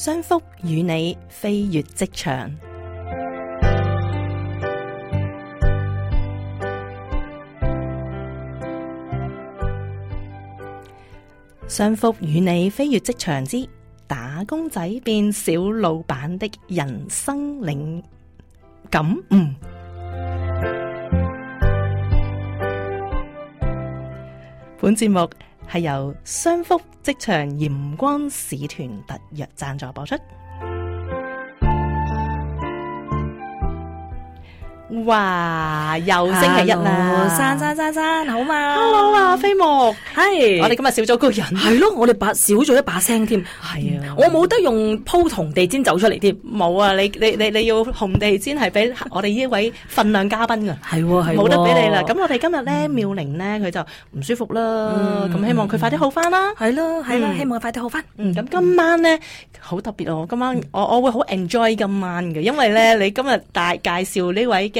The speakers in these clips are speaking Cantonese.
商福與你飛越職場，商福與你飛越職場之打工仔變小老闆的人生感悟。嗯。本節目係由商福職場嚴光使團特約贊助播出。哇！又星期一啦，珊珊珊珊，好嘛？Hello 啊，飛牧係，我哋今日少咗個人，係咯，我哋把少咗一把聲添，係啊，我冇得用鋪紅地氈走出嚟添，冇啊！你你你你要紅地氈係俾我哋呢位份量嘉賓噶，係，係冇得俾你啦。咁我哋今日咧妙玲咧佢就唔舒服啦，咁希望佢快啲好翻啦，係咯係咯，希望佢快啲好翻。嗯，咁今晚咧好特別哦，今晚我我會好 enjoy 今晚嘅，因為咧你今日大介紹呢位嘅。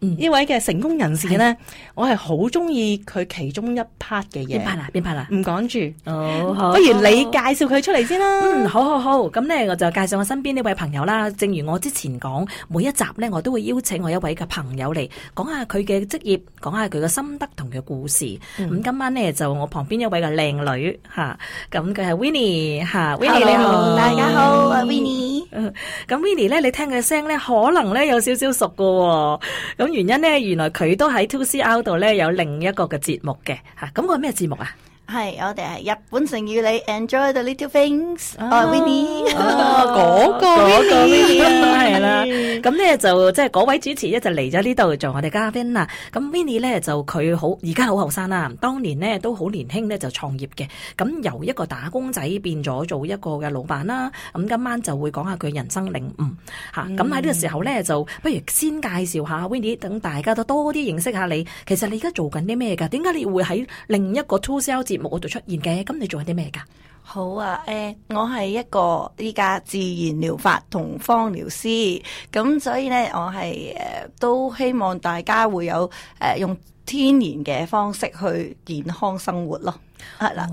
呢、嗯、位嘅成功人士呢，我係好中意佢其中一 part 嘅嘢。邊 part 啦？邊 part 啦？唔講住。哦、oh,，不如你介紹佢出嚟先啦。嗯，好好好。咁呢，我就介紹我身邊呢位朋友啦。正如我之前講，每一集呢，我都會邀請我一位嘅朋友嚟講下佢嘅職業，講下佢嘅心得同佢故事。咁、嗯嗯、今晚呢，就我旁邊一位嘅靚女吓，咁佢係 Winnie 吓、啊、，Winnie Hello, 你好，大家好、I'm、，Winnie。咁、嗯、Winnie 呢你聽佢聲呢，可能呢有少少熟噶、哦。咁。原因咧，原來，佢都喺 2CR 度咧有另一個嘅節目嘅吓，咁個係咩節目啊？係，我哋係日本城，與你 enjoy the little things 哦。哦，Winnie，嗰、哦哦哦哦哦哦那個，嗰個係啦。咁咧就即係嗰位主持咧就嚟咗呢度做我哋嘉賓啦。咁 Winnie 咧就佢好而家好後生啦，當年咧都好年輕咧就創業嘅。咁由一個打工仔變咗做一個嘅老闆啦。咁今晚就會講下佢人生領悟吓。咁喺呢個時候咧就不如先介紹下 Winnie，等大家都多啲認識下你。其實你而家做緊啲咩噶點解你會喺另一個 to sell 節我度出現嘅，咁你做緊啲咩㗎？好啊，誒，我係一個依家自然療法同芳療師，咁所以咧，我係誒都希望大家會有誒用天然嘅方式去健康生活咯。係啦，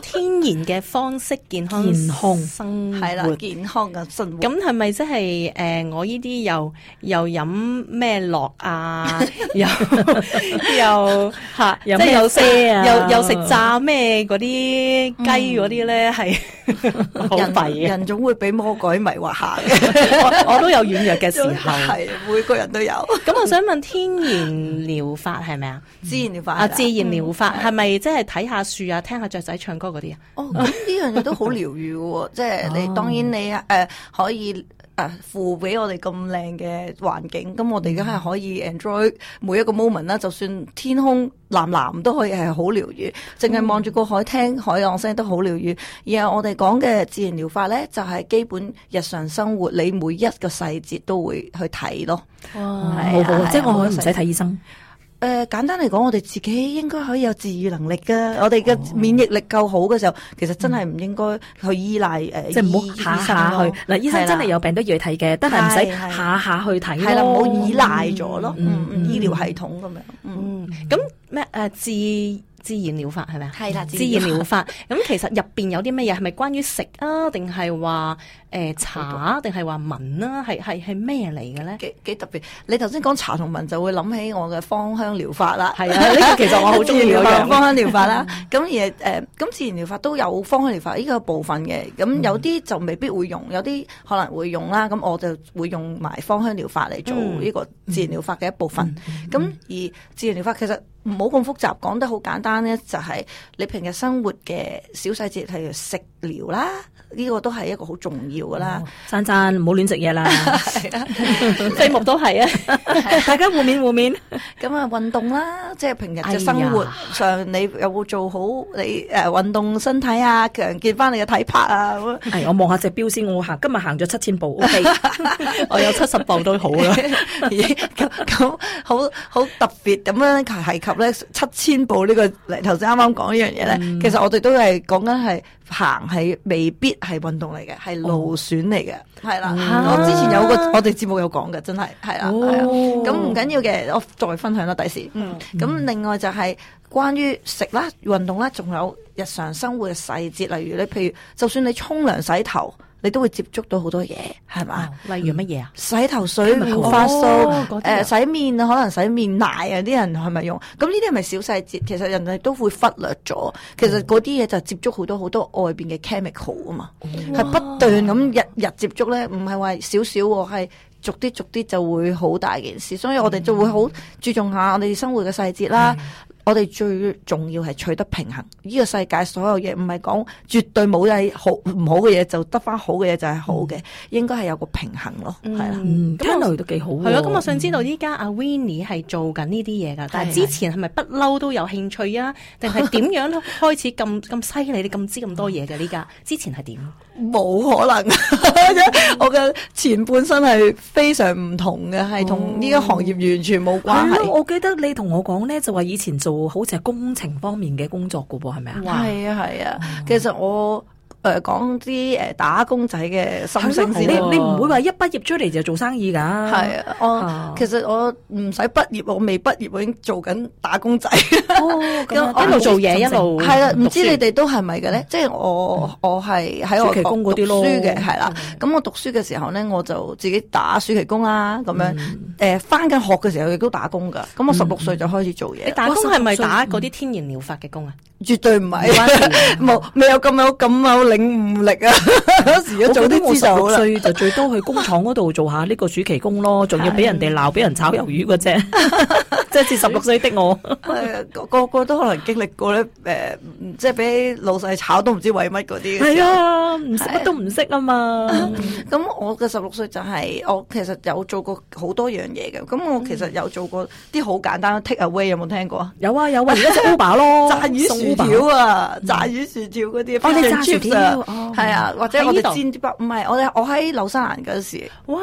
天然嘅方式健康生活，係、哦、啦，健康嘅生活。咁係咪即係誒？我呢啲又又飲咩樂啊？ 又又吓、 啊啊，有，有食咩嗰啲啊？又又食炸咩嗰啲雞嗰啲咧？係人人總會俾魔鬼迷惑下嘅， 我都有軟弱嘅時候，係每個人都有。咁我想問，天然療法係咪、嗯嗯、啊？自然療法啊？自然療法係咪即係睇下住啊，聽下雀仔唱歌嗰啲啊，哦，呢樣嘢都好療愈嘅， 即係你、oh. 當然你誒、uh, 可以誒付俾我哋咁靚嘅環境，咁我哋而家係可以 enjoy 每一個 moment 啦。就算天空藍藍都可以係好療愈，淨係望住個海聽、mm. 海浪聲都好療愈。而我哋講嘅自然療法咧，就係、是、基本日常生活，你每一個細節都會去睇咯。哇、oh. 啊，好好、啊啊啊，即係我唔使睇醫生。誒、呃、簡單嚟講，我哋自己應該可以有自愈能力噶。我哋嘅免疫力夠好嘅時候，其實真係唔應該去依賴誒、嗯呃，即係唔好下下去。嗱、啊，醫生真係有病都要去睇嘅，但係唔使下下去睇咯，唔好依賴咗咯、嗯嗯嗯嗯，醫療系統咁樣。嗯咁咩誒自自然療法係咪啊？係、嗯、啦、嗯嗯呃，自然療法。咁 其實入邊有啲咩嘢係咪關於食啊？定係話？誒，茶定係話聞啦，係係係咩嚟嘅咧？幾幾特別。你頭先講茶同聞就會諗起我嘅芳香療法啦。係啊，呢 其實我好中意用芳香療法啦，咁而誒，咁自然療法，法、， 呃、法都有芳香療法呢個部分嘅。咁有啲就未必會用，有啲可能會用啦。咁我就會用埋芳香療法嚟做呢個自然療法嘅一部分。咁、嗯嗯、而自然療法其實唔好咁複雜，講得好簡單咧，就係、是、你平日生活嘅小細節，譬如食。聊啦，呢、這個都係一個好重要噶啦。珊、哦、珊，唔好亂食嘢啦。題 是、啊、 目都係啊， 大家互勉互勉。咁啊，運動啦，即、就、係、是、平日嘅生活上，哎、你有冇做好你誒運動身體啊，強健翻你嘅體魄啊？係、 哎，我望下隻表先。我行今日行咗七千步，okay? 我有七十步都好啦。咁好好特別咁樣提及咧，七千步、這個、剛才剛剛這呢個頭先啱啱講呢樣嘢咧，其實我哋都係講緊係行。係未必係運動嚟嘅，係勞損嚟嘅，係、哦、啦。我、嗯、之前有個我哋節目有講嘅，真係係啦，係啊。咁唔緊要嘅，我再分享啦，第時。咁、嗯嗯、另外就係關於食啦、運動啦，仲有日常生活嘅細節，例如你，譬如就算你沖涼洗頭。你都會接觸到好多嘢，係嘛？例如乜嘢啊？洗頭水、髮素、誒、哦呃、洗面，可能洗面奶啊，啲人係咪用？咁呢啲係咪小細節？其實人哋都會忽略咗。其實嗰啲嘢就接觸好多好多外邊嘅 chemical 啊嘛，係、嗯、不斷咁日日接觸咧，唔係話少少喎，係逐啲逐啲就會好大件事。所以我哋就會好注重下我哋生活嘅細節啦。嗯嗯我哋最重要係取得平衡，呢、這個世界所有嘢唔係講絕對冇嘢好唔好嘅嘢，就得翻好嘅嘢就係好嘅，應該係有個平衡咯，係、嗯、啦、嗯。聽落都幾好。係、嗯、咯，咁我想知道依家阿 Winnie 係做緊呢啲嘢㗎，但之前係咪不嬲都有興趣啊？定係點樣開始咁咁犀利？你咁知咁多嘢嘅？呢家之前係點？冇可能， 我嘅前半生係非常唔同嘅，係同呢個行業完全冇關係。我記得你同我講咧，就話以前做好似係工程方面嘅工作噶噃，係咪啊？係啊係啊，其實我。誒、呃，講啲誒打工仔嘅心聲，你、啊、你唔會話一畢業出嚟就做生意噶？係啊，我啊其實我唔使畢業，我未畢業我已經做緊打工仔。哦，啊、 一路做嘢一路係啦，唔、啊、知你哋都係咪嘅咧？即係我我係喺我,我讀書嘅係啦。咁我讀書嘅時候咧，我就自己打暑期工啦、啊。咁樣誒，翻、嗯、緊、呃、學嘅時候亦都打工噶。咁、嗯、我十六歲就開始做嘢。你打工係咪、嗯、打嗰啲天然療法嘅工啊？絕對唔係，冇未有咁有咁有領悟力啊！嗰時如果早啲知道，五十歲就最多去工廠嗰度做下呢個暑期工咯，仲要俾人哋鬧，俾人炒魷魚嘅啫，即係似十六歲的我。個個都可能經歷過咧，誒，即係俾老細炒都唔知為乜嗰啲。係啊，唔識乜都唔識啊嘛。咁我嘅十六歲就係我其實有做過好多樣嘢嘅。咁我其實有做過啲好簡單 take away，有冇聽過啊？有啊有啊，而家做 Uber 咯，炸魚薯條啊，炸魚薯條嗰啲，翻上桌係啊，或者我哋煎啲包唔係我哋，我喺紐西蘭嗰時，哇，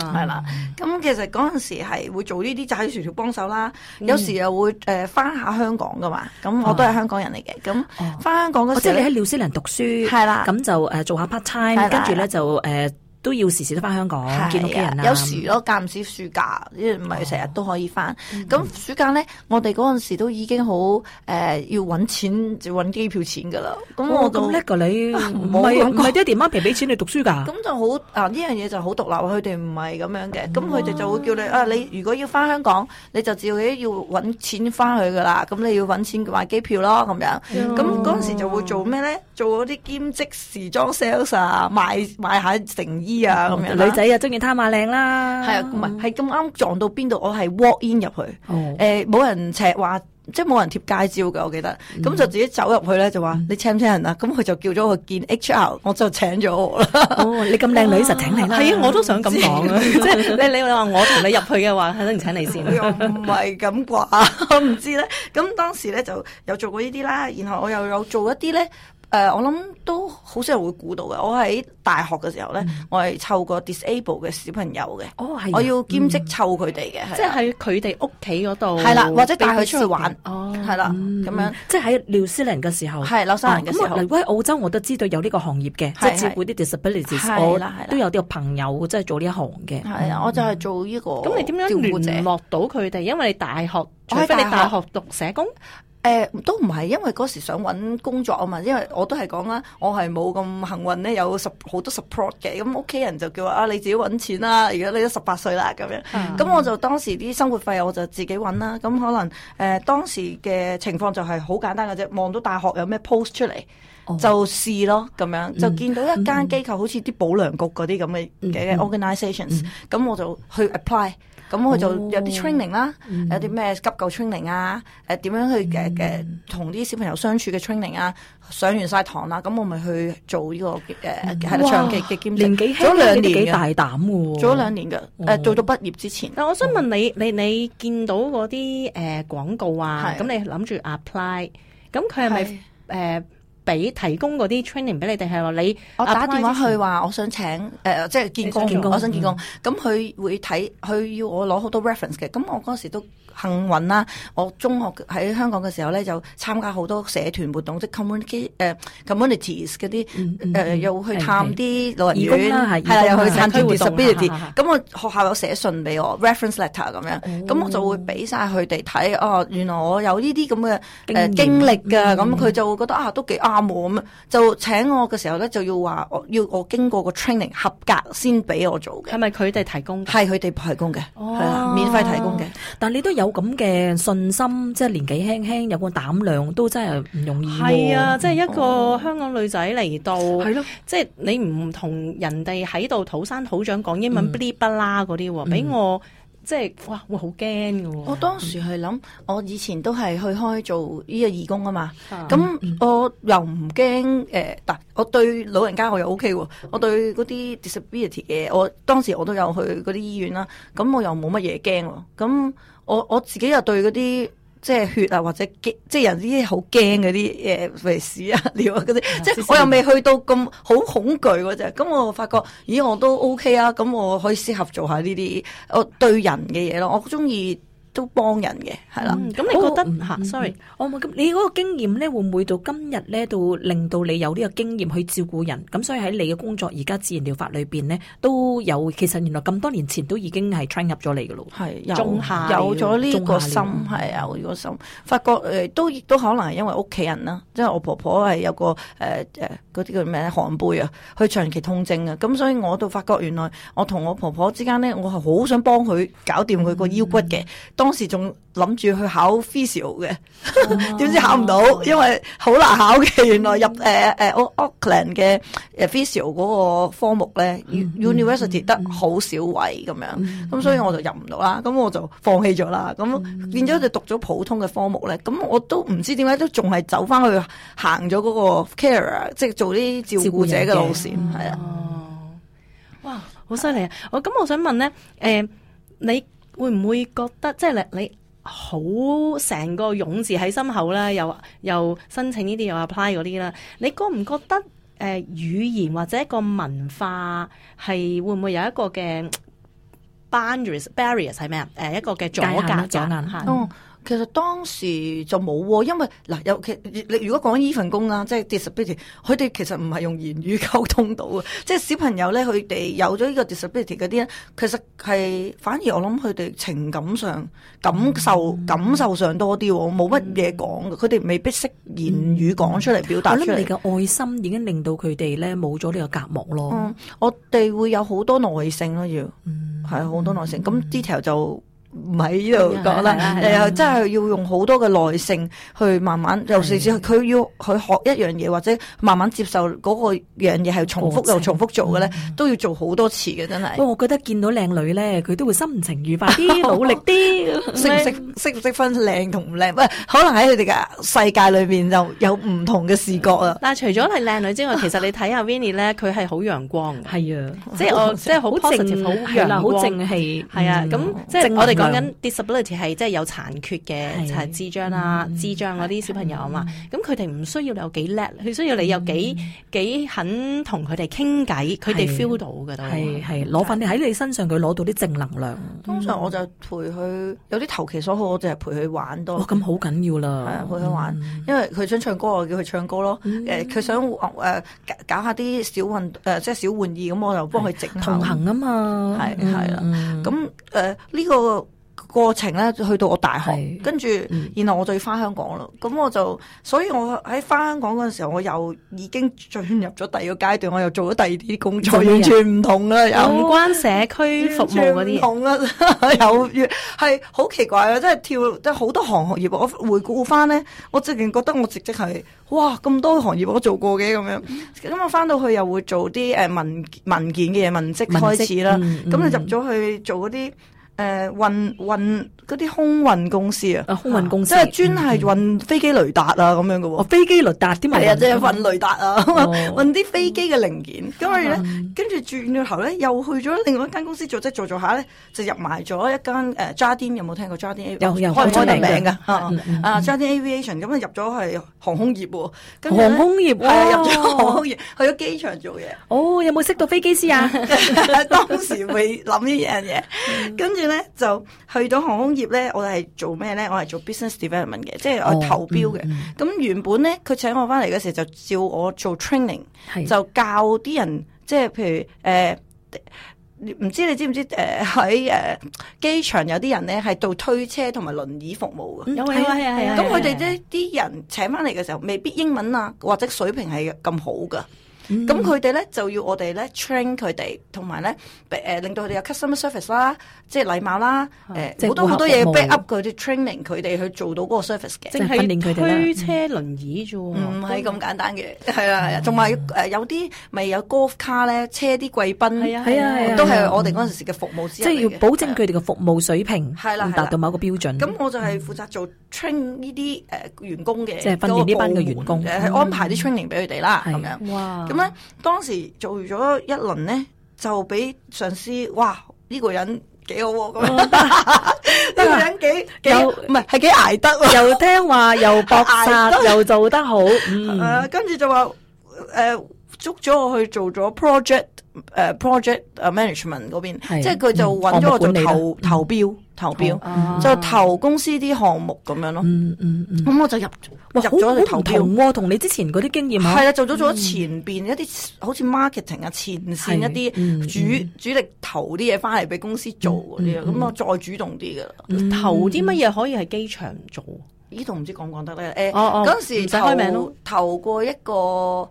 係啦、啊。咁、嗯嗯、其實嗰陣時係會做呢啲炸魚薯條幫手啦，有時又會誒翻、呃、下香港噶嘛，咁我都係香港人嚟嘅，咁翻香港嗰時，哦哦、即係你喺廖思蘭讀書，係啦、啊，咁就誒做下 part time，、啊、跟住咧、啊、就誒。呃都要時時都翻香港、啊、見到、啊、有時咯，間唔時、哦嗯、暑假呢，即係唔係成日都可以翻。咁暑假咧，我哋嗰陣時都已經好誒、呃，要揾錢就揾機票錢㗎啦。咁我咁叻㗎你，唔係唔係，爹哋媽咪俾錢你讀書㗎。咁 就好啊！呢樣嘢就好獨立，佢哋唔係咁樣嘅。咁佢哋就會叫你啊，你如果要翻香港，你就自己要揾錢翻去㗎啦。咁你要揾錢買機票咯，咁樣。咁嗰陣時就會做咩咧？做嗰啲兼職時裝 sales 啊，賣賣下成衣。嗯、女仔啊中意貪下靚啦，係啊，唔係係咁啱撞到邊度，我係 walk in 入去，誒、哦、冇、欸、人尺話，即係冇人貼街招嘅，我記得，咁、嗯、就自己走入去咧，就、嗯、話你請唔請人啊？咁佢就叫咗我見 HR，我就請咗我啦。哦、 你咁靚女，實、啊、請你啦。係啊，啊，啊，我都想咁講，即係 你你話我同你入去嘅話，肯定請你先。唔係咁啩。 我唔知咧。咁當時咧就有做過呢啲啦，然後我又有做一啲咧。誒、呃，我諗都好少人會估到嘅。我喺大學嘅時候咧、嗯，我係湊個 disable 嘅小朋友嘅。哦，係、啊。我要兼職湊佢哋嘅，即係喺佢哋屋企嗰度。係啦，或者帶佢出去玩。哦，係、嗯、啦，咁、啊、樣。即係喺廖思玲嘅時候。係，劉生嘅時候。嗯嗯、如果喺澳洲，我都知道有呢個行業嘅，照顧啲 disability。我都有啲朋友即係、就是、做呢一行嘅。係啊，啊，、嗯、啊，我就係做呢個、嗯。咁你點樣聯絡到佢哋？因為你大學，除非你大學讀社工。誒、呃、都唔係，因為嗰時想揾工作啊嘛，因為我都係講啦，我係冇咁幸運咧，有十好多 support 嘅，咁屋企人就叫啊你自己揾錢啦，而家你都十八歲啦咁樣，咁我就當時啲生活費我就自己揾啦，咁可能誒、呃、當時嘅情況就係好簡單嘅啫，望到大學有咩 post 出嚟、oh. 就試咯咁樣，就見到一間機構、mm -hmm. 好似啲保良局嗰啲咁嘅嘅 organisations，咁、mm -hmm. 我就去 apply。咁佢就有啲 training 啦，有啲咩急救 training 啊，誒、啊、點樣去嘅同啲小朋友相處嘅 training 啊，上完晒堂啦，咁、啊、我咪去做呢、這個誒係啦，長期嘅兼職。哇！做兩年幾輕兩年幾大膽喎、啊，做咗兩年嘅、哦啊，做到畢業之前。但我想問你，哦、你你見到嗰啲誒廣告啊，咁你諗住 apply？咁佢係咪誒？俾提供嗰啲 training 俾你哋，係話你我打電話去話我想請誒，即、呃、係、就是，見工，我想見工。咁、嗯、佢會睇，佢要我攞好多 reference 嘅。咁我嗰時都。幸運啦、啊！我中學喺香港嘅時候咧，就參加好多社團活動，即係 community 誒、uh, communities 啲誒，又去探啲老人院，係啊，又去探啲 disability。咁、啊、我學校有寫信俾我、啊、reference letter 咁樣咁、嗯、我就會俾晒佢哋睇哦。原來我有呢啲咁嘅誒經歷㗎，咁、呃、佢、嗯嗯、就會覺得啊，都幾啱我咁啊。就請我嘅時候咧，就要話我要我經過個 training 合格先俾我做嘅。係咪佢哋提供嘅？係佢哋提供嘅，係、哦、啊，免費提供嘅、哦。但你都有。咁嘅信心，即係年紀輕輕有個膽量，都真係唔容易。係啊，即係、啊就是、一個香港女仔嚟到，係、哦、咯，即、就、係、是、你唔同人哋喺度土生土長講英文，嗶哩巴啦嗰啲，俾我。即係哇，會好驚喎！我當時係諗、嗯，我以前都係去開做呢個義工啊嘛。咁、啊、我又唔驚誒，嗱、嗯呃，我對老人家我又 OK 喎。我對嗰啲 disability 嘅，我當時我都有去嗰啲醫院啦。咁我又冇乜嘢驚喎。咁我我自己又對嗰啲。即係血啊，或者驚，即係人啲好驚嗰啲誒，屎啊、尿啊嗰啲，即係我又未去到咁好恐懼嗰隻，咁我發覺，咦，我都 OK 啊，咁我可以適合做下呢啲我對人嘅嘢咯，我中意。都幫人嘅係啦，咁、嗯、你覺得吓、嗯嗯嗯、sorry，我冇咁，那你嗰個經驗咧會唔會到今日咧，都令到你有呢個經驗去照顧人？咁所以喺你嘅工作而家自然療法裏邊咧，都有其實原來咁多年前都已經係 train 入咗你嘅咯，係有有咗呢個心係有咗心，發覺誒、呃、都亦都可能係因為屋企人啦，即係我婆婆係有個誒誒嗰啲叫咩寒背啊，佢長期痛症啊，咁所以我都發覺原來我同我婆婆之間咧，我係好想幫佢搞掂佢個腰骨嘅。當、嗯當時仲諗住去考 physio 嘅，點知考唔到，因為好難考嘅。原來入誒誒 Auckland 嘅誒 physio 嗰個科目咧、嗯、，University 得好少位咁、嗯、樣，咁、嗯、所以我就入唔到啦，咁、嗯、我就放棄咗啦。咁變咗就讀咗普通嘅科目咧。咁我都唔知點解都仲係走翻去行咗嗰個 Care，即係做啲照顧者嘅路線，係啊、嗯嗯哦。哇，好犀利啊！我咁我想問咧，誒、呃，你？會唔會覺得即係你你好成個勇字喺心口啦？又又申請呢啲又 apply 嗰啲啦？你覺唔覺得誒、呃、語言或者一個文化，係會唔會有一個嘅 boundaries barriers 係咩啊？誒一個嘅阻隔、阻難行。哦。其實當時就冇喎，因為嗱尤其你如果講呢份工啦，即係 disability，佢哋其實唔係用言語溝通到嘅，即係小朋友咧，佢哋有咗呢個 disability 嗰啲咧，其實係反而我諗佢哋情感上感受、嗯、感受上多啲喎，冇乜嘢講，佢、嗯、哋未必識言語講出嚟、嗯、表達出嚟。我諗你嘅愛心已經令到佢哋咧冇咗呢個隔膜咯。嗯，我哋會有好多耐性咯，要，係好多耐性。咁 detail、嗯嗯、就。唔喺呢度講啦，又真係要用好多嘅耐性去慢慢，尤其是佢要去學一樣嘢，或者慢慢接受嗰個樣嘢係重複又重複做嘅咧，嗯嗯都要做好多次嘅，真係不過，我覺得見到靚女咧，佢都會心情愉快啲，努力啲。識唔識識唔識分靚同唔靚？唔 可能喺佢哋嘅世界裏邊就有唔同嘅視覺啊。但係除咗係靚女之外，其實你睇下 Vinny 咧，佢係好陽光係係啊，即係我即係好 positive 好陽光，好正氣。係啊，咁、嗯嗯嗯、即係我哋。講緊 disability 係即係有殘缺嘅，就係智障啦、智障嗰啲、嗯、小朋友啊嘛。咁佢哋唔需要你有幾叻，佢、嗯、需要你有幾幾、嗯、肯同佢哋傾偈，佢哋 feel 到嘅都係係攞翻喺你身上，佢攞到啲正能量。通常我就陪佢有啲投其所好，我就係陪佢玩多。哇、哦！咁好緊要啦。係啊，陪佢玩、嗯，因為佢想唱歌，我叫佢唱歌咯。誒、嗯，佢、呃、想、呃、搞下啲小玩誒，即、呃、係小玩意，咁我就幫佢整。同行啊嘛，係係啦。咁誒呢個。過程咧，去到我大學，跟住、嗯、然後我就要翻香港咯。咁我就，所以我喺翻香港嗰陣時候，我又已經進入咗第二個階段，我又做咗第二啲工作，完全唔同啦，有、哦、關社區服務嗰啲，唔同啦， 有，係好奇怪啊！即係跳即係好多行行業。我回顧翻咧，我直情覺得我直直係哇咁多行業我做過嘅咁樣。咁我翻到去又會做啲誒文文件嘅嘢文、文職開始啦。咁你入咗去做嗰啲。誒、呃、運運嗰啲空運公司啊，啊空運公司即係、啊就是、專係運飛機雷達啊咁樣嘅喎、啊哦，飛機雷達啲咪係啊，即、就、係、是、運雷達啊，哦嗯、運啲飛機嘅零件。咁我咧，跟、嗯、住轉咗頭咧，又去咗另外一間公司做，即做著做下咧，就入埋咗一間誒 Jardine 有冇聽過 Jardine 有有開開名有有名㗎，啊 Jardine Aviation，咁啊入咗係航空業喎，航空業喎，入咗航空業，去咗機場做嘢。哦，有冇識到飛機師啊？當時未諗呢樣嘢，跟住。咧就去到航空業咧，我係做咩咧？我係做 business development 嘅、哦，即係我投標嘅。咁、嗯、原本咧，佢請我翻嚟嗰時候就叫我做 training，就教啲人，即係譬如誒，唔、呃、知道你知唔知誒喺誒機場有啲人咧係度推車同埋輪椅服務嘅，係啊係啊係啊。咁佢哋咧啲人請翻嚟嘅時候，未必英文啊或者水平係咁好噶。咁佢哋咧就要我哋咧 train 佢哋，同埋咧誒令到佢哋有 customer service 啦，即係禮貌啦，誒好多好多嘢 back up 佢哋 training 佢哋去做到嗰個 service 嘅，即係佢哋推車輪椅啫，唔係咁簡單嘅，係啊係啊，同埋誒有啲咪有 golf car 咧，車啲貴賓，係啊係啊，都係我哋嗰陣時嘅服務之即係要保證佢哋嘅服務水平，係啦係啦，達到某個標準。咁我就係負責做 train 呢啲誒員工嘅，即係呢班嘅員工，安排啲 training 俾佢哋啦，咁樣。哇嗯、當時做完咗一輪呢就俾上司哇呢、這個人幾好、啊，咁樣呢、啊啊這個人幾幾唔係係幾捱得、啊，又聽話又搏殺又做得好，跟、嗯、住、啊、就話誒捉咗我去做咗 project 誒、uh, project management 嗰邊、啊，即係佢就搵咗我做投、嗯、投標投標、oh, 啊，就投公司啲項目咁樣咯，咁、嗯嗯嗯、我就入。入咗去投同喎、啊，同你之前嗰啲經驗啊，係啦、啊，就做咗做咗前邊一啲、嗯、好似 marketing 啊、前線一啲主、嗯、主力投啲嘢翻嚟俾公司做嗰啲啊，咁、嗯、啊、嗯、再主動啲㗎啦，投啲乜嘢可以喺機場做？嗯嗯、講講呢度唔知講唔講得咧？誒嗰陣時投、哦、開名咯投過一個。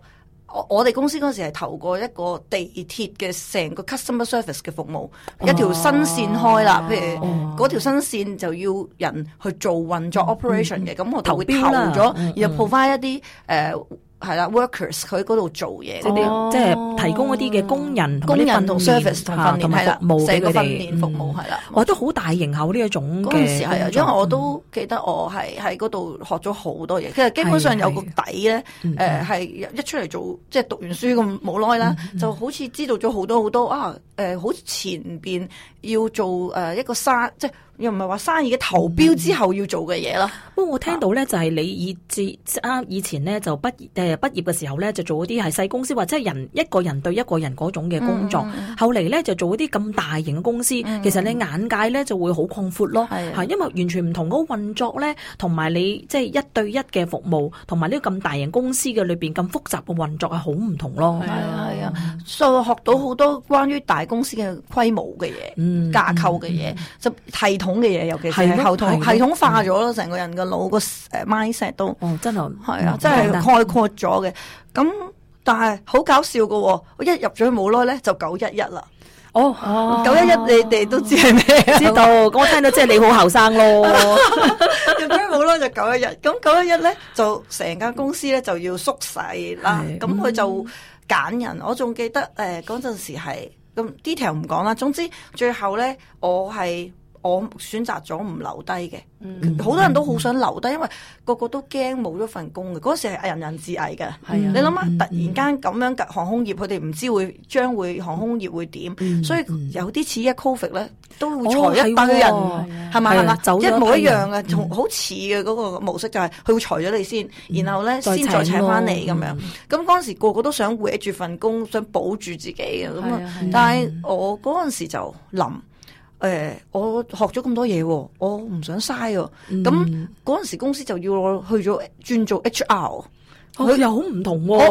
我我哋公司嗰時係投過一個地鐵嘅成個 customer service 嘅服務，一條新線開啦、哦，譬如嗰、哦、條新線就要人去做運作 operation 嘅，咁、嗯、我投會投咗，然後 provide 一啲誒係啦，workers 佢喺嗰度做嘢，啲、哦、即係提供一啲嘅工人，工人，工人同 service 同訓練、啊、服務俾佢服務係啦，我覺得好大型口呢一種嘅。嗰陣時係啊，因為我都記得我係喺嗰度學咗好多嘢、嗯。其實基本上有個底咧，誒係、嗯、一出嚟做即係、就是、讀完書咁冇耐啦，就好似知道咗好多好多啊！好、呃、好前面要做誒、呃、一個沙即、就是又唔係話生意嘅投標之後要做嘅嘢啦。不、啊、過我聽到咧，就係你以至啱以前咧就畢誒畢業嘅時候咧，就做啲係細公司，或者係人一個人對一個人嗰種嘅工作。嗯嗯、後嚟咧就做啲咁大型公司、嗯，其實你眼界咧就會好擴闊咯，係、嗯，嗯、因為完全唔同嗰個運作咧，同埋你即係一對一嘅服務，同埋呢個咁大型公司嘅裏邊咁複雜嘅運作係好唔同咯、嗯。係、嗯、啊，所以我學到好多關於大公司嘅規模嘅嘢、嗯、架構嘅嘢、嗯，就系統。系統嘅嘢，尤其是後台系統化咗咯，成個人個腦個 mindset 都，哦，真係，係啊，真係概括咗嘅。咁但係好搞笑嘅，我一入咗去冇耐咧，就九一一啦。哦，九一一，你哋都知係咩？知道。咁我聽到即係你好後生咯。入咗冇耐就九一一，咁九一一咧就成間公司咧就要縮細啦。咁佢就揀人。我仲記得誒，嗰陣時係咁 detail 唔講啦。總之最後咧，我係。我選擇咗唔留低嘅，好、嗯、多人都好想留低、嗯，因為個個都驚冇咗份工嘅。嗰時係人人自危嘅，係、嗯、啊！你諗下、嗯，突然間咁樣嘅航空業，佢哋唔知會將會航空業會點、嗯，所以有啲似一 COVID 咧、嗯，都會裁一堆人，係咪啊？一模一樣嘅，同好似嘅嗰個模式就係、是、佢會裁咗你先，嗯、然後咧先再請翻你咁、嗯、樣。咁嗰陣時個個都想搲住份工、嗯，想保住自己嘅咁啊。但係我嗰陣時就諗。誒、哎，我學咗咁多嘢，我唔想嘥喎。咁嗰陣時公司就要我去咗轉做 HR。佢又好唔同喎、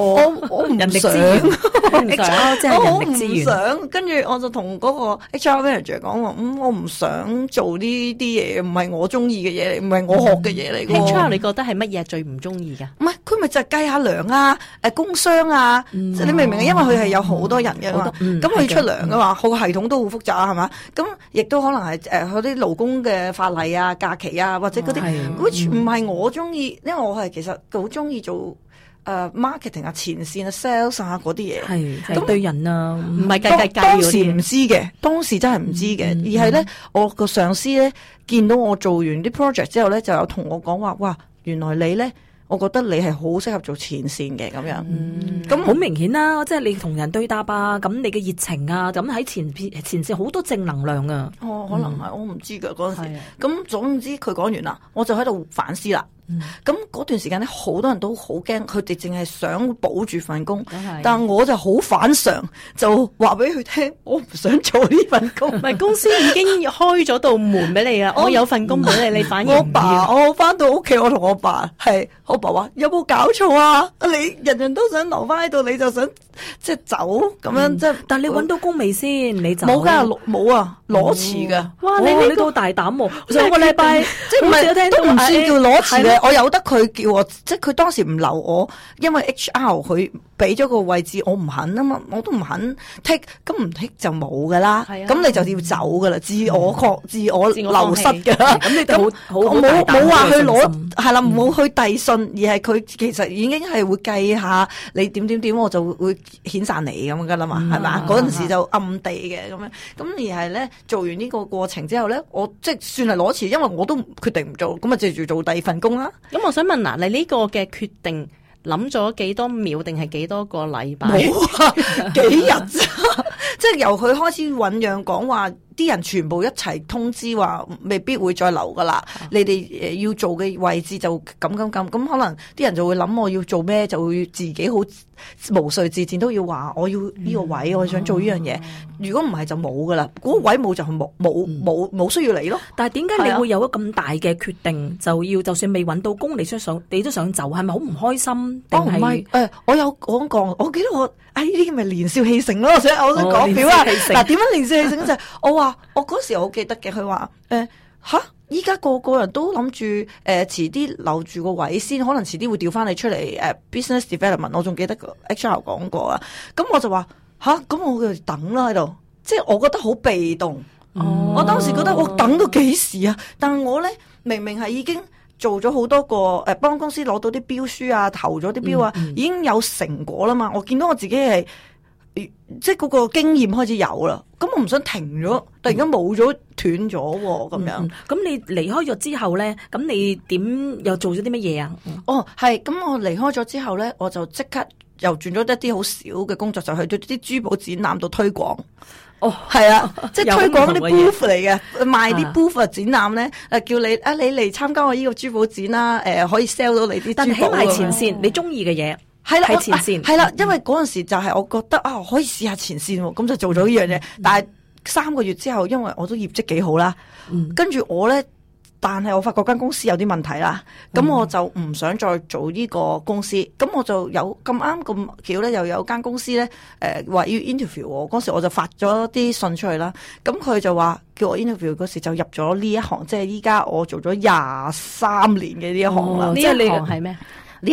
哦，人力資源 ，H R 我唔想跟住，我,我就同嗰個 H R manager 講話、嗯，我唔想做呢啲嘢，唔係我中意嘅嘢嚟，唔係我學嘅嘢嚟 H R 你覺得係乜嘢最唔中意㗎？唔係佢咪就係計下糧啊？誒工傷啊？嗯、你明唔明？因為佢係有好多人嘅嘛，咁、嗯、佢、嗯、出糧嘅話，個、嗯、系統都好複雜啊，係嘛？咁亦都可能係誒嗰啲勞工嘅法例啊、假期啊，或者嗰啲，好似唔係我中意、嗯，因為我係其實好中意做。誒、uh, marketing 啊，前線啊，sales 啊，嗰啲嘢係都對人啊，唔係計計計嗰啲。唔、嗯、知嘅、嗯，當時真係唔知嘅、嗯，而係咧、嗯，我個上司咧見到我做完啲 project 之後咧，就有同我講話，哇！原來你咧，我覺得你係好適合做前線嘅咁樣。嗯，咁好明顯啦、啊，即、就、係、是、你同人對答啊，咁你嘅熱情啊，咁喺前前線好多正能量啊。哦、嗯嗯，可能係我唔知㗎嗰陣時。咁、啊、總之佢講完啦，我就喺度反思啦。咁、嗯、嗰段時間咧，好多人都好驚，佢哋淨係想保住份工。但係我就好反常，就話俾佢聽，我唔想做呢份工。唔 係公司已經開咗道門俾你啦， 我有份工俾你，你反而我爸，我返到屋企，我同我爸係。我爸話有冇搞錯啊？你人人都想留翻喺度，你就想即係走咁樣，嗯、即係？但你揾到工未先？你冇㗎，冇啊，攞辭嘅。哇，你都好大膽喎！上個禮拜即係唔少聽都唔算叫攞辭，哎、我由得佢叫我，即係佢當時唔留我，因為 HR 佢俾咗個位置，我唔肯啊嘛，我都唔肯 take，咁唔 take 就冇噶啦。咁，啊、你就要走噶啦，自我覺、嗯、自我流失啦咁、 嗯、你都冇冇冇話去攞，係 啦，唔好，唔好去遞信，啊、嗯、信。嗯而係佢其實已經係會計下你點點點，我就會遣散你，咁噶啦嘛，係、嗯、嘛？嗰陣時就暗地嘅咁樣，咁而係咧做完呢個過程之後咧，我即係算係攞錢，因為我都決定唔做，咁啊借住做第二份工啦。咁我想問嗱，你呢個嘅決定諗咗幾多秒定係幾多個禮拜？幾日啫？ 即係由佢開始醞釀講話。啲人全部一齊通知話，未必會再留噶啦、啊。你哋要做嘅位置就咁咁咁，咁可能啲人就會諗我要做咩，就會自己好毛遂自薦都要話，我要呢個位、嗯，我想做呢樣嘢。如果唔係就冇噶啦，嗰、嗯嗰個位冇就係冇冇冇冇需要你咯。但係點解你會有咗咁大嘅決定、啊，就要就算未搵到工你出，你想想你都想走，係咪好唔開心？哦唔係誒，我有講過，我記得我呢啲咪年少氣盛咯，我想、哦、我想講表啊。嗱點樣年少氣盛就係我話啊、我嗰時我記得嘅，佢話誒吓，依、欸、家個個人都諗住誒，遲、呃、啲留住個位先，可能遲啲會調翻你出嚟誒、呃、business development。我仲記得個 H R 講過啊，咁我就話吓，咁我就等啦喺度，即係我覺得好被動、哦。我當時覺得我等到幾時啊？但係我咧明明係已經做咗好多個誒，幫、呃、公司攞到啲標書啊，投咗啲標啊嗯嗯，已經有成果啦嘛。我見到我自己係。即係嗰個經驗開始有啦，咁我唔想停咗，突然間冇咗斷咗咁樣。咁、嗯嗯、你離開咗之後咧，咁你點、嗯、又做咗啲乜嘢啊？哦，係，咁我離開咗之後咧，我就即刻又轉咗一啲好少嘅工作，就去咗啲珠寶展覽度推廣。哦，係啊，即、就、係、是、推廣啲 booth 嚟嘅，賣啲 booth、啊、展覽咧，誒叫你啊，你嚟參加我呢個珠寶展啦，誒可以 sell 到你啲，但係起碼前線、哦、你中意嘅嘢。係啦，係前線。係啦、嗯，因為嗰陣時就係我覺得啊，可以試下前線，咁就做咗呢樣嘢。但係三個月之後，因為我都業績幾好啦，嗯、跟住我咧，但係我發覺間公司有啲問題啦，咁、嗯、我就唔想再做呢個公司，咁我就有咁啱咁巧咧，又有間公司咧，誒、呃、話要 interview 我。嗰時我就發咗啲信出去啦，咁佢就話叫我 interview 嗰時就入咗呢一行，即係依家我做咗廿三年嘅呢一行啦。呢、嗯、一行係咩？呢、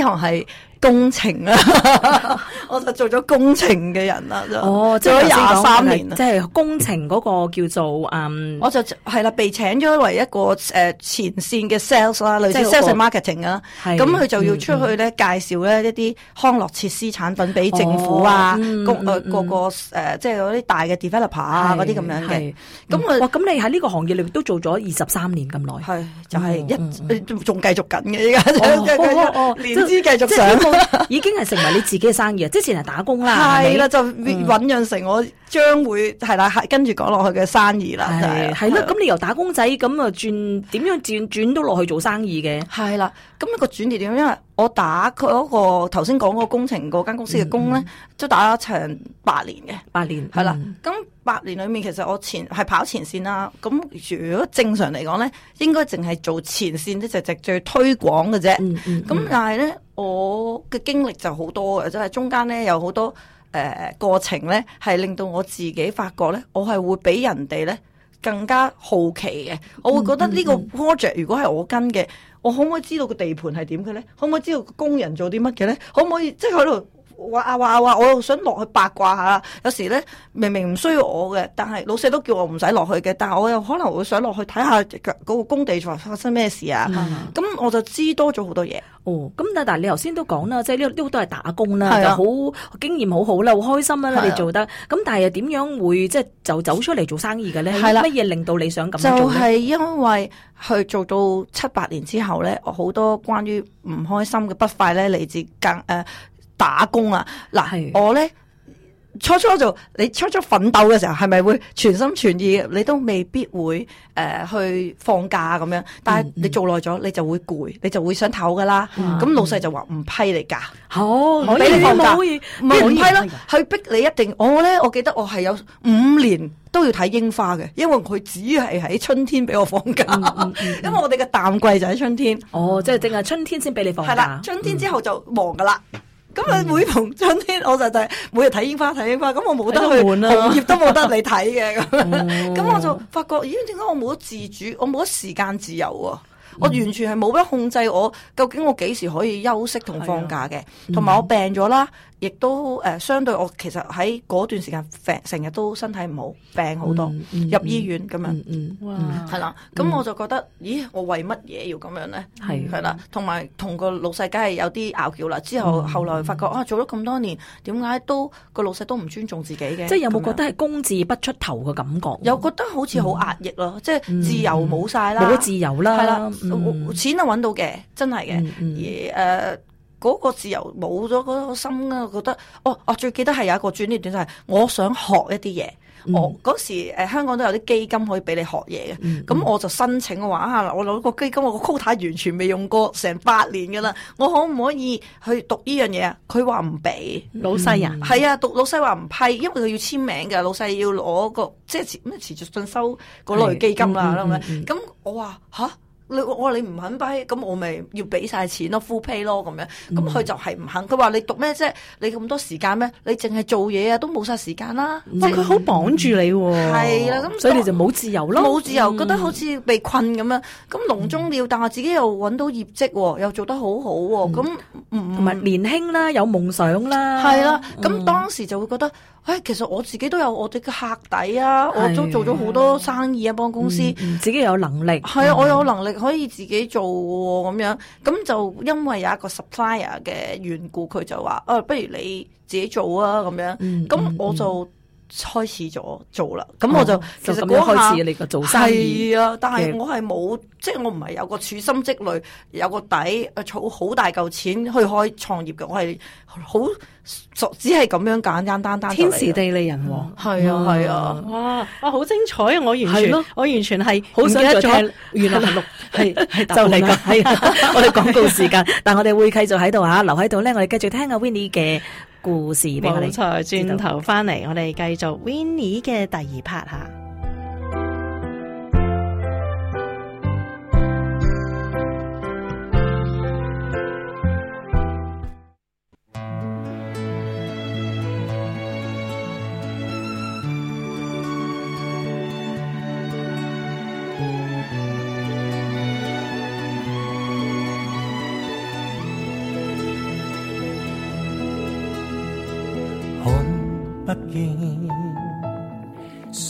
嗯、行係。工程啊，我就做咗工程嘅人啦，就哦做咗廿三年，即係工程嗰個叫做嗯，我就係啦，被請咗為一個誒，前線嘅 sales 啦，類似 sales marketing 啊，咁佢就要出去咧介紹咧一啲康樂設施產品俾政府啊，各誒各個誒即係嗰啲大嘅 developer 啊嗰啲咁樣嘅，咁我哇咁你喺呢個行業裏面都做咗二十三年咁耐，係就係一仲繼續緊嘅而家，年資繼續上。 已經係成為你自己嘅生意啊！之前係打工啦，係啦，就醞釀成我。 將會係啦，跟住講落去嘅生意啦，係、就、啦、是。咁你由打工仔咁啊轉，點樣轉轉到落去做生意嘅？係啦，咁一個轉捩點，因為我打佢、那、嗰個頭先講嗰工程嗰間公司嘅工呢，都、嗯嗯、打咗長八年嘅，八年係啦。咁、嗯、八年裏面，其實我前係跑前線啦。咁如果正常嚟講呢，應該淨係做前線咧，就直最推廣嘅啫。咁、嗯嗯嗯、但係呢，我嘅經歷就好多嘅，即、就、係、是、中間呢，有好多。誒過程咧，係令到我自己發覺咧，我係會比人哋咧更加好奇嘅。我會覺得呢個 project 如果係我跟嘅，我可唔可以知道個地盤係點嘅咧？可唔可以知道工人做啲乜嘅咧？可唔可以即係喺度？就是哇啊哇啊哇我又想落去八卦下。有時咧，明明唔需要我嘅，但係老細都叫我唔使落去嘅。但我又可能會想落去睇下嗰個工地在發生咩事啊。咁、嗯、我就知多咗好多嘢。哦，咁但但係你頭先、就是這個這個、都講啦，即係呢呢都係打工啦、啊，就經驗好經驗好好啦，好開心啦、啊，你做得。咁但係又點樣會即係、就是、就走出嚟做生意嘅咧？係啦、啊，乜嘢令到你想咁做？就係、是、因為去做到七八年之後咧，我好多關於唔開心嘅不快咧，嚟自更誒。打工啊！嗱，我咧初初就你初初奮鬥嘅時候，係咪會全心全意？你都未必會誒、呃、去放假咁樣。但係你做耐咗，你就會攰、嗯嗯，你就會想唞噶啦。咁、嗯啊、老細就話唔批你假，好、哦，唔俾你放假，唔批啦，去逼你一定。我咧，我記得我係有五年都要睇櫻花嘅，因為佢只係喺春天俾我放假。嗯嗯嗯嗯，因為我哋嘅淡季就喺春天。哦，即係淨係春天先俾你放假。係啦，春天之後就忙噶啦。嗯咁、嗯、啊，每逢春天，我就我就，我就每日睇櫻花睇櫻花，咁我冇得去，得行業都冇得你睇嘅。咁、 嗯，咁我就發覺，咦？點解我冇得自主？我冇得時間自由喎、啊嗯！我完全係冇得控制我，究竟我幾時可以休息同放假嘅，同埋、啊嗯、我病咗啦。亦都誒、呃，相對我其實喺嗰段時間成日都身體唔好，病好多、嗯嗯，入醫院咁、嗯嗯、樣，係啦。咁我就覺得，嗯、咦，我為乜嘢要咁樣咧？係係啦，同埋同個老細梗係有啲拗撬啦。之後、嗯、後來發覺、嗯、啊，做咗咁多年，點解都個老細都唔尊重自己嘅？即有冇覺得係工字不出頭嘅感覺、嗯？有覺得好似好壓抑咯、嗯，即自由冇晒啦，冇自由啦，係啦、嗯，錢啊揾到嘅，真係嘅、嗯嗯，而、呃嗰、那個自由冇咗嗰個心我覺得，覺得哦，我最記得係有一個轉捩點，就係、是、我想學一啲嘢、嗯。我嗰時、呃、香港都有啲基金可以俾你學嘢嘅，咁、嗯、我就申請嘅話、啊，我攞個基金，我個 quota 完全未用過成八年㗎啦，我可唔可以去讀呢樣嘢啊？佢話唔俾老細啊，係啊，讀老細話唔批，因為佢要簽名嘅，老細要攞個即係咩持，持續進修嗰類基金啦，咁、嗯嗯嗯嗯、我話吓你，你我話你唔肯批，咁我咪要俾晒錢咯 full pay 咯咁樣，咁、嗯、佢就係唔肯。佢話你讀咩啫？你咁多時間咩？你淨係做嘢啊，都冇晒時間啦。喂、嗯啊，佢好綁住你喎。係啦，咁所以你就冇自由咯。冇自由，覺得好似被困咁樣。咁籠中鳥，但我自己又搵到業績、啊，又做得好好、啊。咁同埋年輕啦、啊，有夢想啦、啊。係啦、啊，咁當時就會覺得。唉、哎，其實我自己都有我哋嘅客底啊，我都做咗好多生意一、啊、幫公司、嗯嗯，自己有能力。係啊，我有能力可以自己做咁、啊、樣，咁就因為有一個 supplier 嘅緣故，佢就話：啊、哎，不如你自己做啊咁樣。咁我就、嗯。嗯嗯開始咗做啦，咁我就、嗯、就開始其實嗰下你個做生意，係啊，但係我係冇，即係我唔係有個處心積慮，有個底誒儲好大嚿錢去開創業嘅，我係好只係咁樣簡簡單單，單。天時地利人和，係啊係啊，哇啊啊哇好精彩啊！我完全，我完全係好想一再原來六係係就嚟噶，係啊 是的， 我哋廣告時間， 但我哋會繼續喺度吓，留喺度咧，我哋繼續聽阿 Winnie 嘅。故事俾我哋轉頭翻嚟，我哋繼續 Winnie 嘅第二 part 吓。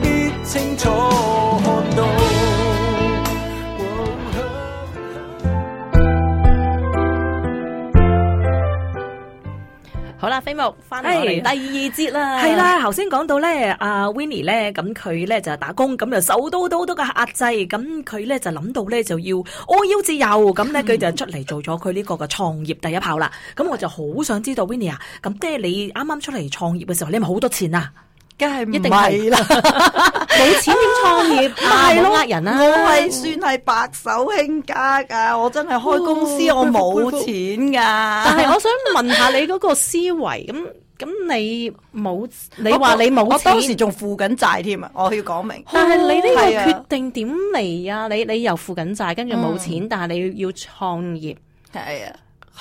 必清楚看到。好啦，飛牧翻到嚟第二節 啦，係啦，頭先講到咧，阿 Winnie 咧，咁佢咧就係打工，咁又受到好多好多嘅壓制，咁佢咧就諗到咧就要我要自由，咁咧佢就出嚟做咗佢呢個嘅創業第一炮啦，咁我就好想知道 Winnie 啊，咁爹你啱啱出嚟創業嘅時候，你係咪好多錢啊？梗係唔係啦！冇錢點創業？咪係咯，呃人啦！我係算係白手興家㗎、嗯，我真係開公司，哦、我冇錢㗎。但係我想問下你嗰個思維，咁 咁你冇，你話你冇，我當時仲負緊債添啊！我要講明。但係你呢個決定點嚟啊，啊？你你又負緊債，跟住冇錢，嗯、但係你要要創業，係啊！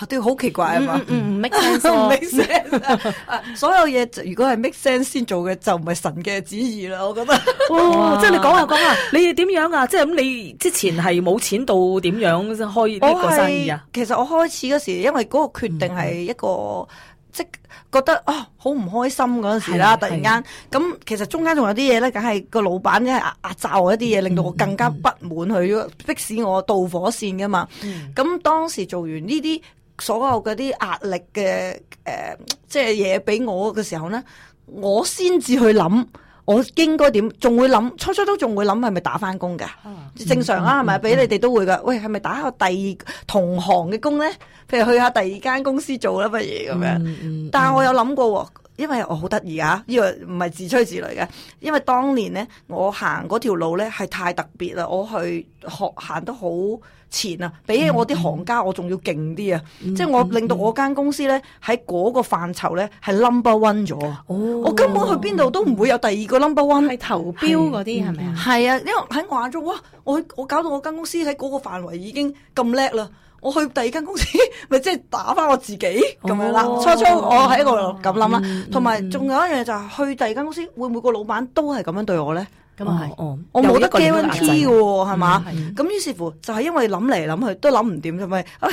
都好奇怪啊嘛，唔、嗯、 合 make sense，所有嘢如果係 make sense 先做嘅，就唔係神嘅旨意啦。我覺得，哦、哇 即係你講下講下，你要點樣啊？ 即係咁，你之前係冇錢到點樣開呢個生意啊？其實我開始嗰時，因為嗰個決定係一個、嗯、即覺得啊，好、哦、唔開心嗰陣時啦。突然間咁，其實中間仲有啲嘢咧，梗係個老闆咧壓壓榨我一啲嘢、嗯，令到我更加不滿佢，迫、嗯、使我導火線噶嘛。咁、嗯、當時做完呢啲。所有嗰啲壓力嘅、呃、即係嘢俾我嘅時候咧，我先至去諗我應該點，仲會諗初初都仲會諗係咪打翻工㗎、啊？正常啊係咪？俾、嗯嗯、你哋都會噶，喂，係咪打下第二同行嘅工咧？譬如去下第二間公司做啦，不如咁樣？嗯嗯、但係我有諗過喎、啊。因為我好得意啊，呢個唔係自吹自擂嘅。因為當年咧，我行嗰條路咧係太特別啦，我去學行得好前啊，比起我啲行家、嗯、我仲要勁啲啊，嗯、即係我令到我間公司咧喺嗰個範疇咧係 number one 咗。哦，我根本去邊度都唔會有第二個 number one。係投標嗰啲係咪啊？係啊，因為喺我眼中，哇！我我搞到我間公司喺嗰個範圍已經咁叻啦。我去第二間公司，咪即係打翻我自己咁樣啦。初初我喺度咁諗啦，同埋仲有一樣嘢就係、是、去第二間公司，會唔會個老闆都係咁樣對我咧？咁、嗯、係、嗯，我冇得 guarantee 㗎喎，係、嗯、嘛？咁於是乎就係因為諗嚟諗去都諗唔掂咁咪，咁、哎、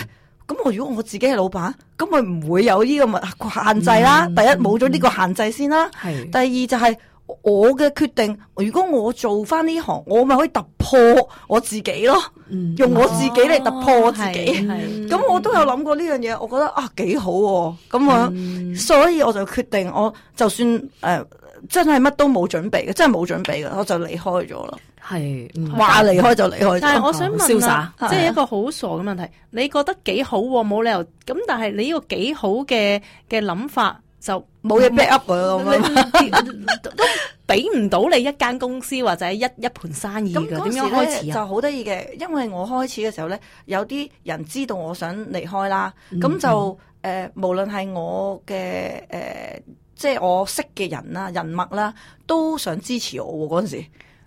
我如果我自己係老闆，咁咪唔會有呢個限制啦、啊嗯嗯。第一冇咗呢個限制先啦、啊嗯嗯，第二就係、是。我嘅決定，如果我做翻呢行，我咪可以突破我自己咯，嗯哦、用我自己嚟突破我自己。咁我都有諗過呢樣嘢，我覺得啊幾好啊，咁啊、嗯，所以我就決定，我就算誒、呃、真係乜都冇準備嘅，真係冇準備嘅，我就離開咗啦。係話離開就離開，但係我想問啊，好瀟灑、即係、就是、一個好傻嘅問題、啊，你覺得幾好、啊？冇理由咁，但係你呢個幾好嘅嘅諗法就。冇嘢 back up 佢咯，都俾唔到你一間公司或者一一盤生意嘅。咁嗰時開始、啊？就好得意嘅，因為我開始嘅時候咧，有啲人知道我想離開啦，咁、嗯、就誒、嗯呃，無論係我嘅誒，即、呃、係、就係、我識嘅人啦、人脈啦，都想支持我嗰陣時。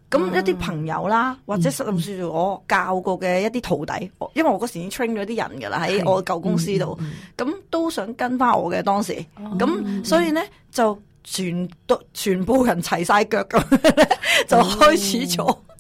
咁一啲朋友啦，嗯、或者甚至乎我教過嘅一啲徒弟、嗯，因為我嗰時已經 train 咗啲人㗎喇喺我舊公司度，咁、嗯嗯、都想跟翻我嘅當時，咁、嗯嗯、所以呢，就全都全,全部人齊晒腳咁，嗯、 就開始做、嗯。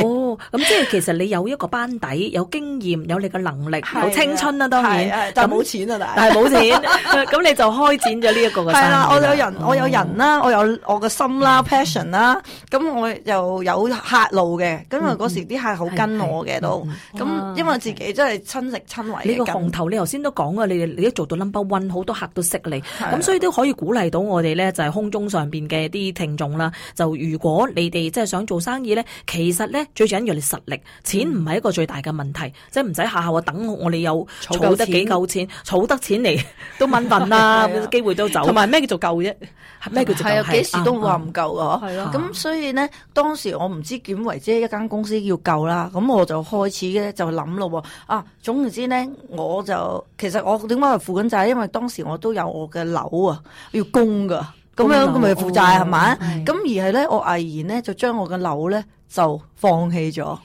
哦，咁即係其實你有一個班底， 有經驗，有你嘅能力，有青春啦、啊、當然，都係，但係冇錢啊， 但係冇錢，咁 你就開展咗呢一個嘅生意啦。我有人，我有人啦，我有我嘅心啦、嗯，passion 啦，咁我又有客路嘅。咁啊嗰時啲客好跟我嘅、嗯、都，咁、嗯嗯嗯嗯啊、因為自己真係親力親為。呢個紅頭，你頭先都講啊，你你都做到 number one，好多客都識你，咁所以都可以鼓勵到我哋咧，就係、是、空中上邊嘅啲聽眾啦。就如果你哋即係想做生意咧，其實咧。最緊要你實力，錢唔係一個最大嘅問題，嗯、即係唔使下下話等我，我哋有儲得幾夠錢，儲得錢嚟，都蚊瞓啦，機 會都走。同埋咩叫做夠啫？係咩叫做夠，做係啊，幾時都話唔夠啊？係、嗯、咯、嗯。咁所以咧，當時我唔知點為之一間公司要夠啦，咁我就開始咧就諗咯。啊，總言之咧，我就其實我點解係負緊債？因為當時我都有我嘅樓啊，要供噶。咁樣佢咪負債係咪？咁、哦、而係咧，我毅然咧就將我嘅樓咧就放棄咗，將、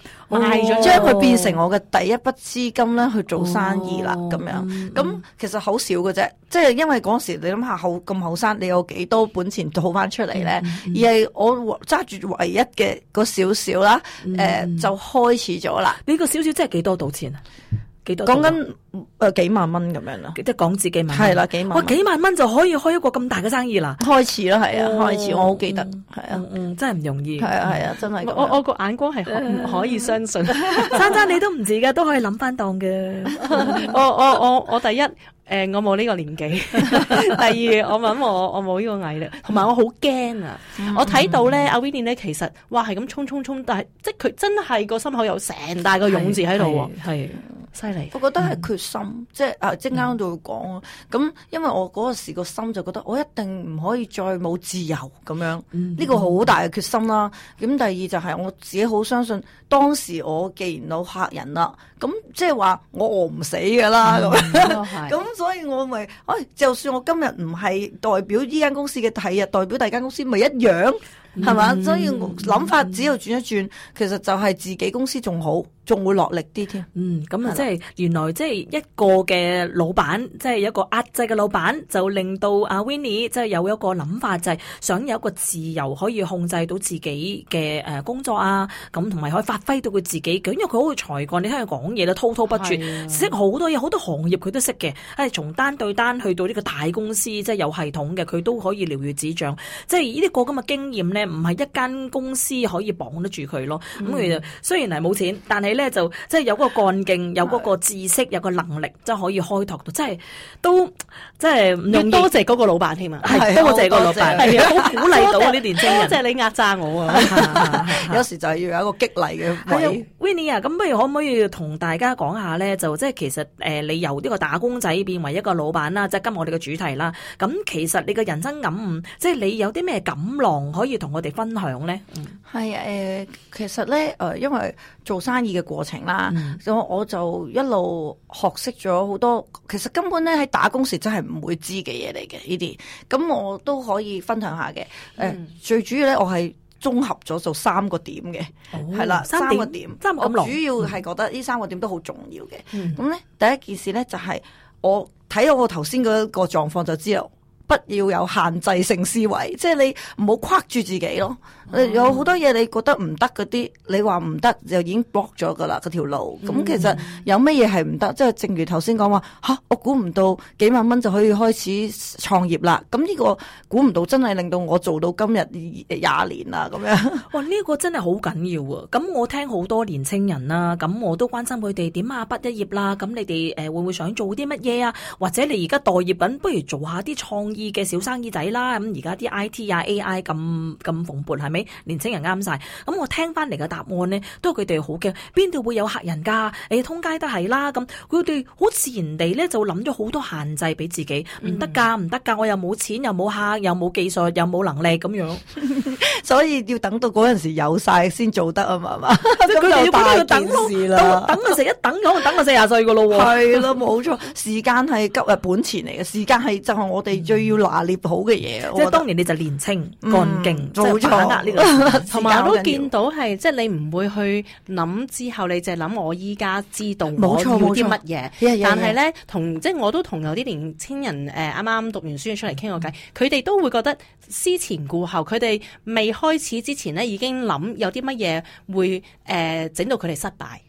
哦、佢變成我嘅第一筆資金咧去做生意啦。咁、哦、樣咁、嗯嗯、其實好少嘅啫，即係因為嗰時你諗下好咁後生，你有幾多本錢套翻出嚟咧、嗯嗯？而係我揸住唯一嘅嗰少少啦，誒、嗯呃、就開始咗啦、嗯嗯。你個小小少少即係幾多到錢啊？講緊誒幾萬蚊咁樣啦，即係港紙幾萬，係啦幾萬，哇、哦、幾萬蚊就可以開一個咁大嘅生意啦，開始啦係啊，開始我好記得係啊，嗯、嗯、嗯真係唔容易，係啊係啊真係，我我個眼光係唔可、嗯、可以相信，珊 珊你都唔知噶，都可以諗翻檔嘅，我我我我第一。 誒、嗯，我冇呢個年紀。 第二，我諗我，我冇呢個毅力，同埋我好驚啊！嗯、我睇到咧，阿、嗯、Winnie 咧，其實哇，係咁衝衝衝，但係即係佢真係個心口有成大個勇字喺度喎，係犀利。我覺得係決心，嗯、即係啊，即係啱到講。咁因為我嗰陣時個心就覺得，我一定唔可以再冇自由咁樣，呢、嗯呢個好大嘅決心啦。咁、嗯、第二就係我自己好相信，當時我既然到嚇人啦，咁即係話我餓唔死㗎啦咁。嗯 所以我咪，哎，就算我今日唔係代表呢間公司嘅，第日代表第二間公司，咪一樣。係嘛、嗯，所以諗法只要轉一轉，其實就係自己公司仲好，仲會落力啲添。嗯，咁啊，即係原來即係一個嘅老闆，即係一個壓制嘅老闆，就令到阿 Winnie 即係有一個諗法，就係、是、想有一個自由可以控制到自己嘅誒工作啊，咁同埋可以發揮到佢自己嘅。因為佢好有才幹，你聽佢講嘢都滔滔不絕，識好多嘢，好多行業佢都識嘅。係從單對單去到呢個大公司，即係有系統嘅，佢都可以了如指掌。即係呢啲個咁嘅經驗咧。唔係一間公司可以綁得住佢咯。咁佢就雖然係冇錢，但係咧就即係有嗰個幹勁，有嗰個知識，有個能力，即係可以開拓到，即係都即係用多謝嗰個老闆添啊！多謝嗰個老闆，好鼓勵到啲年輕人多。多謝你壓榨我啊！有時就係要有一個激勵嘅。Winnie 啊，咁不如可唔可以同大家講下咧？就即係其實誒、呃，你由呢個打工仔變為一個老闆啦，即係今日我哋嘅主題啦。咁其實你嘅人生感悟，即係你有啲咩感悟可以同我哋分享咧，係誒、呃，其實咧，誒、呃，因為做生意嘅過程啦，嗯、我就一路學識咗好多，其實根本咧喺打工時真係唔會知嘅嘢嚟嘅呢啲，咁我都可以分享一下嘅。誒、嗯呃，最主要咧，我係綜合咗做三個點嘅，係、哦、啦三，三個點，即係我主要係覺得呢三個點都好重要嘅。咁、嗯、咧，第一件事咧就係、是、我睇到我頭先嗰個狀況就知道。不要有限制性思維，即係你唔好框住自己咯。嗯、有好多嘢你覺得唔得嗰啲，你話唔得就已經 block 咗噶啦，嗰條路。咁、嗯、其實有咩嘢係唔得？即係正如頭先講話吓，我估唔到幾萬蚊就可以開始創業啦。咁呢個估唔到真係令到我做到今日廿年啦咁樣，哇！呢、這個真係好緊要啊。咁我聽好多年青人啦、啊，咁我都關心佢哋點啊，畢一業啦，咁你哋誒、呃、會唔會想做啲乜嘢啊？或者你而家待業緊，不如做下啲創業。意嘅小生意仔啦，咁而家啲 IT 啊 AI 咁咁蓬勃，係咪？年青人啱晒。咁我聽翻嚟嘅答案呢，都係佢哋好驚，邊度會有客人噶？誒，通街都係啦。咁佢哋好自然地咧，就諗咗好多限制俾自己，唔得噶，唔得噶，我又冇錢，又冇客，又冇技術，又冇能力咁樣。 所以要等到嗰陣時有晒先做得啊嘛嘛，即係佢哋又等時啦， 等啊成一等咗，等啊四廿歲噶咯喎。係囉，冇錯，時間係急日本錢嚟嘅，時間係就係、是、我哋最。要拿捏好嘅嘢，即係當年你就年青幹勁、嗯， 就係把握呢個時間都見到係，即係你唔會去諗之後，你就諗我依家知道我要啲乜嘢。但係咧，同即係我都同有啲年青人，誒、嗯，啱啱讀完書出嚟傾過偈，佢、嗯、哋都會覺得思前顧後，佢哋未開始之前咧，已經諗有啲乜嘢會誒整、呃、到佢哋失敗。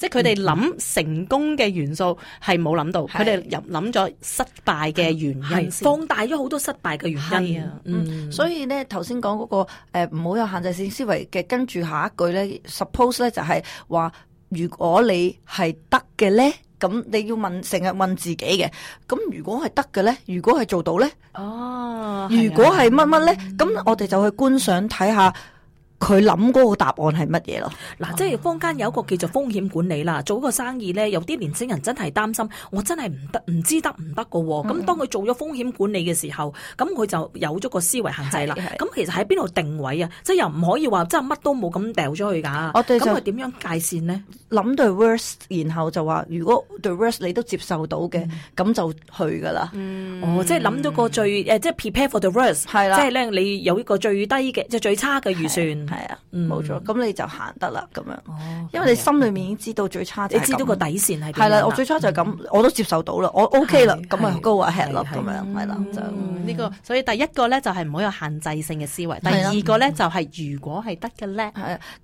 即係佢哋諗成功嘅元素係冇諗到，佢哋入諗咗失敗嘅原因，嗯、放大咗好多失敗嘅原因啊、嗯嗯！所以咧，頭先講嗰個誒唔好有限制性思維嘅，跟住下一句咧、嗯、，suppose 咧就係、是、話，如果你係得嘅咧，咁你要問成日問自己嘅，咁如果係得嘅咧，如果係做到咧，哦，如果係乜乜咧，咁、嗯、我哋就去觀賞睇下。佢諗嗰個答案係乜嘢咯？嗱，即係坊間有一個叫做風險管理啦，oh. 做個生意咧，有啲年青人真係擔心，我真係唔得，唔、mm. 知得唔得㗎喎。咁、mm. 當佢做咗風險管理嘅時候，咁佢就有咗個思維限制啦。咁、mm. 其實喺邊度定位啊？Mm. 即係又唔可以話，即係乜都冇咁掉咗去㗎。咁佢點樣界線呢？諗到 the worst，然後就話如果 the worst 你都接受到嘅，咁、mm. 就去㗎啦。哦、mm. oh，即係諗到個最誒，即係 prepare for the worst，即係咧你有一個最低嘅，mm. 即係最差嘅預算。Mm. 係啊，冇、嗯、錯，咁你就行得啦，咁樣、哦，因為你心裏面已經知道最差就，你知道個底線係。係啦、啊，我最差就咁、嗯，我都接受到啦，我 OK 啦，咁咪 go ahead 咯，咁、like, 樣係啦、嗯，就呢、嗯這個。所以第一個咧就係唔好有限制性嘅思維，第二個咧、啊、就係、是、如果係得嘅咧，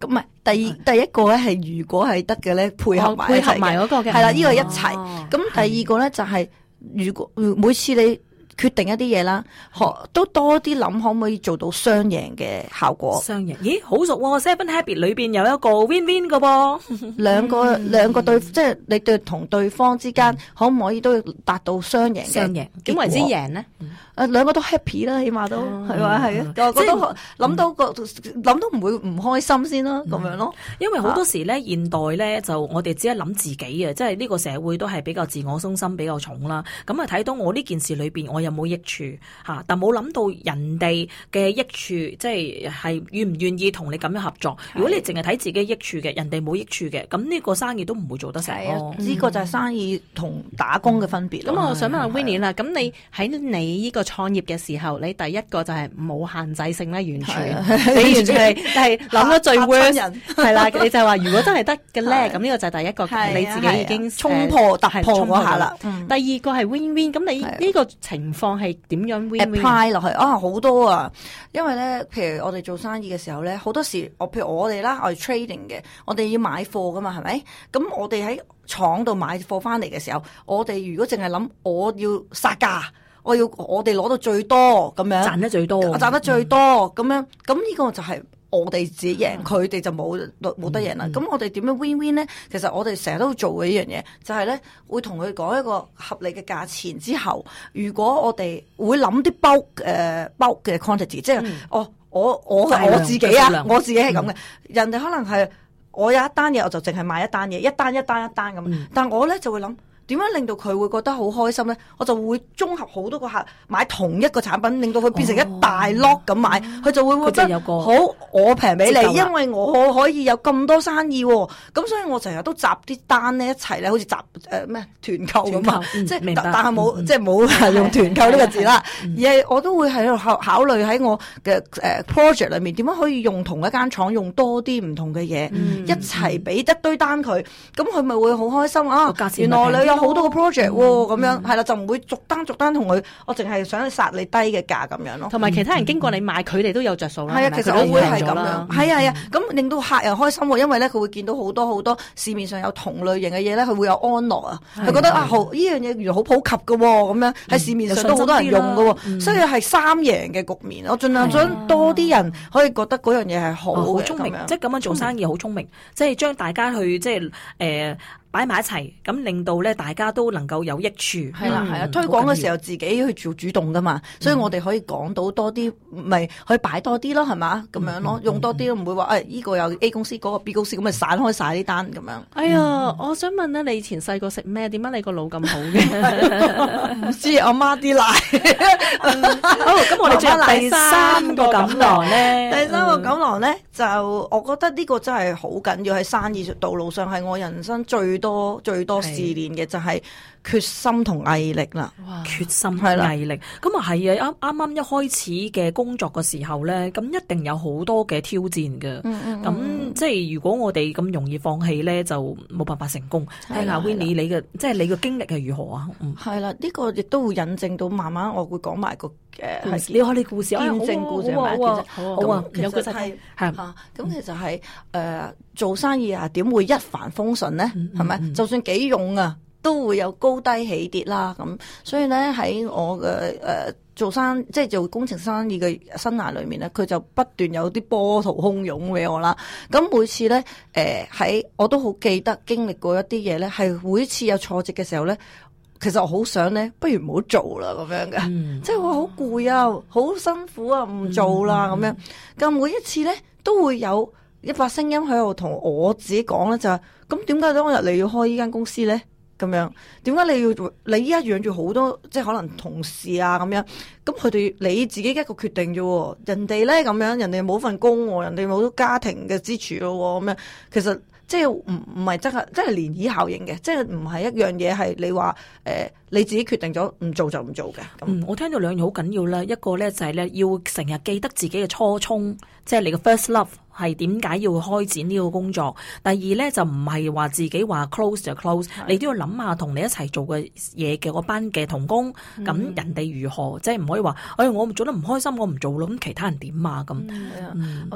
咁咪、啊、第二第一個咧係如果係得嘅咧配合埋嗰、哦、個嘅，係啦呢個一齊。咁、哦、第二個咧就係、是哦、如果每次你。決定一啲嘢啦，學都多啲諗，可唔可以做到雙贏嘅效果？雙贏咦，好熟 Seven Habits 裏邊有一個 win win 嘅噃，兩個兩 個對，即係你對同對方之間，可唔可以都達到雙贏嘅？雙贏點為之贏呢？嗯誒兩個都 happy 啦，起碼都係啊，係、嗯、啊，即係諗到個諗、嗯、到唔會唔開心先啦、啊。咁、嗯、樣咯。因為好多時咧、啊，現代咧就我哋只係諗自己啊，即係呢個社會都係比較自我中心，心比較重啦。咁啊睇到我呢件事裏邊，我有冇益處嚇？但冇諗到人哋嘅益處，即係係願唔願意同你咁樣合作。如果你淨係睇自己益處嘅，人哋冇益處嘅，咁呢個生意都唔會做得成、啊。呢、呢個就係生意同打工嘅分別。咁、嗯嗯、我想問下 Winnie 啦，咁你喺你呢、呢個。創業嘅時候，你第一個就係冇限制性咧、啊，完全。你完全係係諗得最 worst，係啦、 啊。你就話，如果真係得嘅咧，咁呢、啊、個就係第一個、啊，你自己已經、啊、衝破突破嗰下啦。第二個係 win win，咁、嗯、你呢個情況係點樣 win win 落去啊？好、啊、多啊！因為咧，譬如我哋做生意嘅時候咧，好多時，我譬如我哋啦，我哋 trading 嘅，我哋要買貨噶嘛，係咪？咁我哋喺廠度買貨翻嚟嘅時候，我哋如果淨係諗我要殺價。我要我哋攞到最多咁樣，賺得最多，我賺得最多咁樣，咁、嗯、呢個就係我哋自己贏，佢、嗯、哋就冇冇得贏啦。咁、嗯嗯、我哋點樣 win win 咧？其實我哋成日都做嘅一樣嘢，就係、是、咧會同佢講一個合理嘅價錢之後，如果我哋會諗啲包誒、uh、包嘅 quantity，、嗯、即係、嗯、哦，我我我自己啊，我自己係咁嘅。人哋可能係我有一單嘢，我就淨係買一單嘢，一單一單一單咁、嗯，但我咧就會諗。點樣令到佢會覺得好開心呢？我就會綜合好多個客買同一個產品，令到佢變成一大 lot 咁買，佢、哦嗯、就會覺得好我平俾你，因為我可以有咁多生意，咁、哦、所以我成日都集啲單呢，一齊咧，好似集誒咩、呃、團購咁嘛、嗯，即係但係冇、嗯、即係冇用團購呢個字啦、嗯，而係我都會喺度考考慮喺我嘅、呃、project 裏面點樣可以用同一間廠用多啲唔同嘅嘢、嗯、一齊俾一堆單佢，咁佢咪會好開心啊！我原來好多個 project 喎、啊，咁、嗯、樣係啦、嗯，就唔會逐單逐單同佢，我淨係想去殺你低嘅價咁樣咯。同埋其他人經過你買，佢、嗯、哋都有着數啦。係啊，其實我會係咁樣，係啊，係啊，咁令到客人開心喎，因為咧佢會見到好多好多市面上有同類型嘅嘢咧，佢會有安樂啊，佢覺得啊好呢樣嘢原來好普及喎。咁樣喺、嗯、市面上都好多人用噶、嗯，所以係三贏嘅局面。嗯、我盡量想多啲人可以覺得嗰、哦、樣嘢係好聰明，即係咁樣做生意好聰明，即係將大家去即係誒。呃擺埋一齊，咁令到咧大家都能夠有益處。係啦，係、嗯、啊，推廣嘅時候自己去做主動噶嘛、嗯，所以我哋可以講到多啲，咪可以擺多啲咯，係嘛，咁樣咯、嗯，用多啲都唔會話誒，呢、哎這個有 A 公司，嗰、那個 B 公司咁咪、那個、散開晒啲單咁樣。哎呀、嗯，我想問咧，你以前細個食咩？點解你個腦咁好嘅？唔知，阿媽啲奶。好，咁我哋轉第三個錦囊咧。第三個錦囊咧、嗯，就我覺得呢個真係好緊要，喺生意道路上，係我人生最多。多最多試煉嘅就係決心同毅力啦，決心係啦，毅力咁啊係啊，啱啱、就是、一開始嘅工作嘅時候咧，咁一定有好多嘅挑戰噶，咁、嗯嗯、即係如果我哋咁容易放棄咧，就冇辦法成功。阿 Winnie 你嘅即係你嘅、就是、經歷係如何啊？係啦，呢、這個亦都會引證到慢慢我會講埋個。誒，你睇你故事見證故事嚟、哎好，啊好，啊好，啊、好啊，其實係吓，咁、啊、其實係誒、啊嗯嗯呃，做生意啊，點會一帆風順咧？係、嗯、咪、嗯？就算幾勇啊，都會有高低起跌啦。咁所以咧，喺我嘅誒、呃，做生即係做工程生意嘅生涯裏面咧，佢就不斷有啲波濤洶湧俾我啦。咁每次咧，誒、呃、喺我都好記得經歷過一啲嘢咧，係每次有挫折嘅時候咧。其實我好想咧，不如唔好做啦，咁樣嘅，即係我好攰啊，好、嗯、辛苦啊，唔做啦，咁樣。咁、嗯、每一次咧，都會有一把聲音喺度同我自己講咧，就係咁點解當日你要開呢間公司咧？咁樣，點解你要你依家養住好多，即係可能同事啊咁樣。咁佢哋你自己一個決定啫，人哋咧咁樣，人哋冇份工喎，人哋冇咗家庭嘅支柱咯，咁樣，其實。即係唔唔係，即係真係漣漪效應嘅，即係唔係一樣嘢係你話誒你自己決定咗唔做就唔做嘅。嗯，我聽到兩樣好緊要啦。一個咧就係咧要成日記得自己嘅初衷，即係你嘅 first love 係點解要開展呢個工作。第二咧就唔係話自己話 close 就 close，你都要諗下同你一齊做嘅嘢嘅班嘅同工，咁人哋如何？即係唔可以話，哎，我做得唔開心，我唔做咯。咁其他人點啊？咁，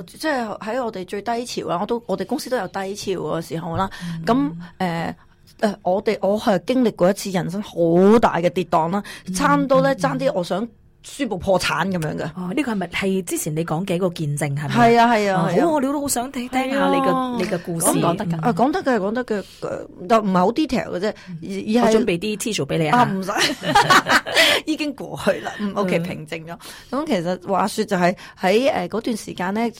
即係喺我哋最低潮啦。我都我哋公司都有低潮嘅時候啦。咁，誒。呃，我哋我係經歷過一次人生好大嘅跌宕啦，差唔多呢，差啲我想。嗯嗯宣布破產咁樣嘅，呢、哦呢個係咪係之前你講幾個見證係咪？係啊係啊，我料都好、啊啊、想聽聽下你嘅、啊、你嘅故事。講得㗎，啊講得係、嗯、講得嘅，唔係好 detail 嘅啫。我準備啲 tissue 俾你啊，唔使， 已經過去啦。OK，平靜咗。咁其實話說就係喺嗰段時間咧，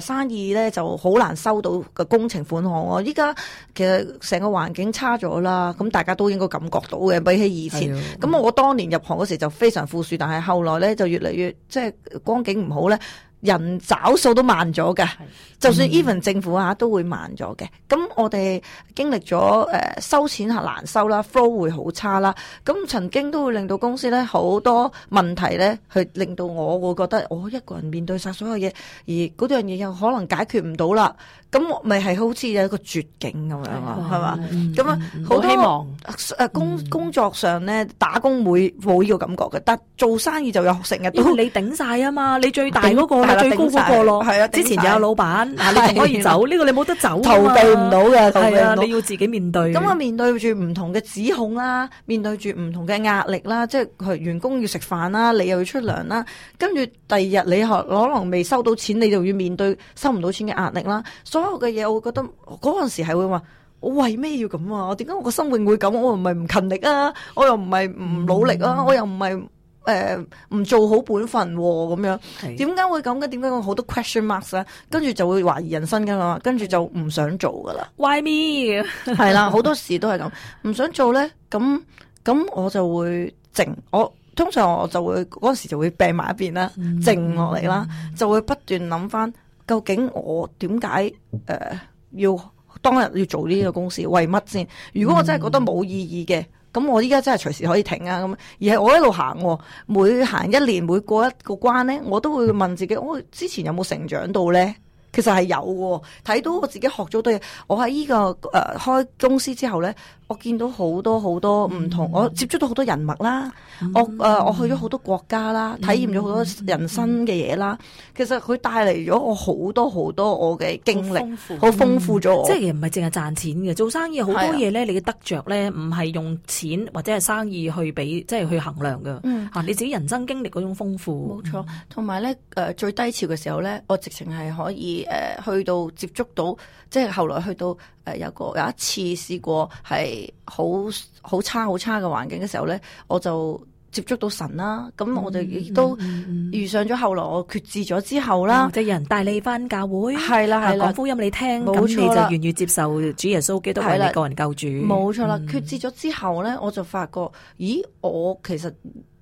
生意咧就好難收到嘅工程款項。我依家其實成個環境差咗啦，咁大家都應該感覺到嘅，比起以前。咁我當年入行嗰時就非常富庶，但係後後來咧就越嚟越即係、就是、光景唔好咧。人找數都慢咗嘅，就算 even 政府啊、嗯、都會慢咗嘅。咁我哋經歷咗誒、呃、收錢係難收啦，flow 會好差啦。咁曾經都會令到公司咧好多問題咧，去令到我會覺得我、哦、一個人面對晒所有嘢，而嗰樣嘢又可能解決唔到啦。咁咪係好似有一個絕境咁樣啊，係嘛？咁啊好希望工工作上咧、嗯、打工會冇呢個感覺嘅，但做生意就有成日都你頂晒啊嘛，你最大嗰、嗰個。最高嗰個咯，係啊！之前就有老闆，嗱你仲可以走，呢、呢個你冇得走啊，逃避唔到嘅，係啊！你要自己面對。咁啊，面對住唔同嘅指控啦，面對住唔同嘅壓力啦、啊，即係員工要食飯啦、啊，你又要出糧啦、啊，跟住第二日你學可能未收到錢，你就要面對收唔到錢嘅壓力啦、啊。所有嘅嘢，我會覺得嗰陣時係會話：我為咩要咁啊？我點解我個生活會咁？我又唔係唔勤力啊！我又唔係唔努力啊！嗯、我又唔係。誒、呃，唔做好本分咁，、哦、樣，點解會咁？點解會好多 question marks 咧？跟住就會懷疑人生噶喇。跟住就唔想做噶啦。Why me？係 啦，好多事都係咁，唔想做咧，咁咁我就會靜。我通常我就會嗰時就會病埋一邊啦，靜落嚟啦，就會不斷諗翻究竟我點解誒要當日要做呢個公司，為乜先？如果我真係覺得冇意義嘅。嗯咁我依家真係隨時可以停啊！咁，而係我一路行、啊，每行一年，每過一個關呢，我都會問自己：我、哦、之前有冇成長到呢？其實係有喎、啊。」睇到我自己學咗好多嘢。我喺呢、呢個誒、呃、開公司之後呢。我見到好多好多唔同、嗯，我接觸到好多人脈啦、嗯，我誒我去咗好多國家啦、嗯，體驗咗好多人生嘅嘢啦。其實佢帶嚟咗我好多好多我嘅經歷，好豐富咗我、嗯。即係唔係淨係賺錢嘅？做生意好多嘢咧，你嘅得著咧，唔係用錢或者係生意去俾，即係去衡量㗎、嗯。你自己人生經歷嗰種豐富。冇錯，同埋咧誒最低潮嘅時候咧，我直情係可以誒、呃、去到接觸到，即係後來去到。係有個有一次試過係好好差好差嘅環境嘅時候咧，我就接觸到神啦。咁、嗯、我哋亦都遇上咗後來我決志咗之後啦，即、嗯、係、就是、有人帶你翻教會，係啦係啦，講福音你聽，咁你就願意接受主耶穌基督你個人、個人救主。冇錯啦、嗯，決志咗之後咧，我就發覺，咦，我其實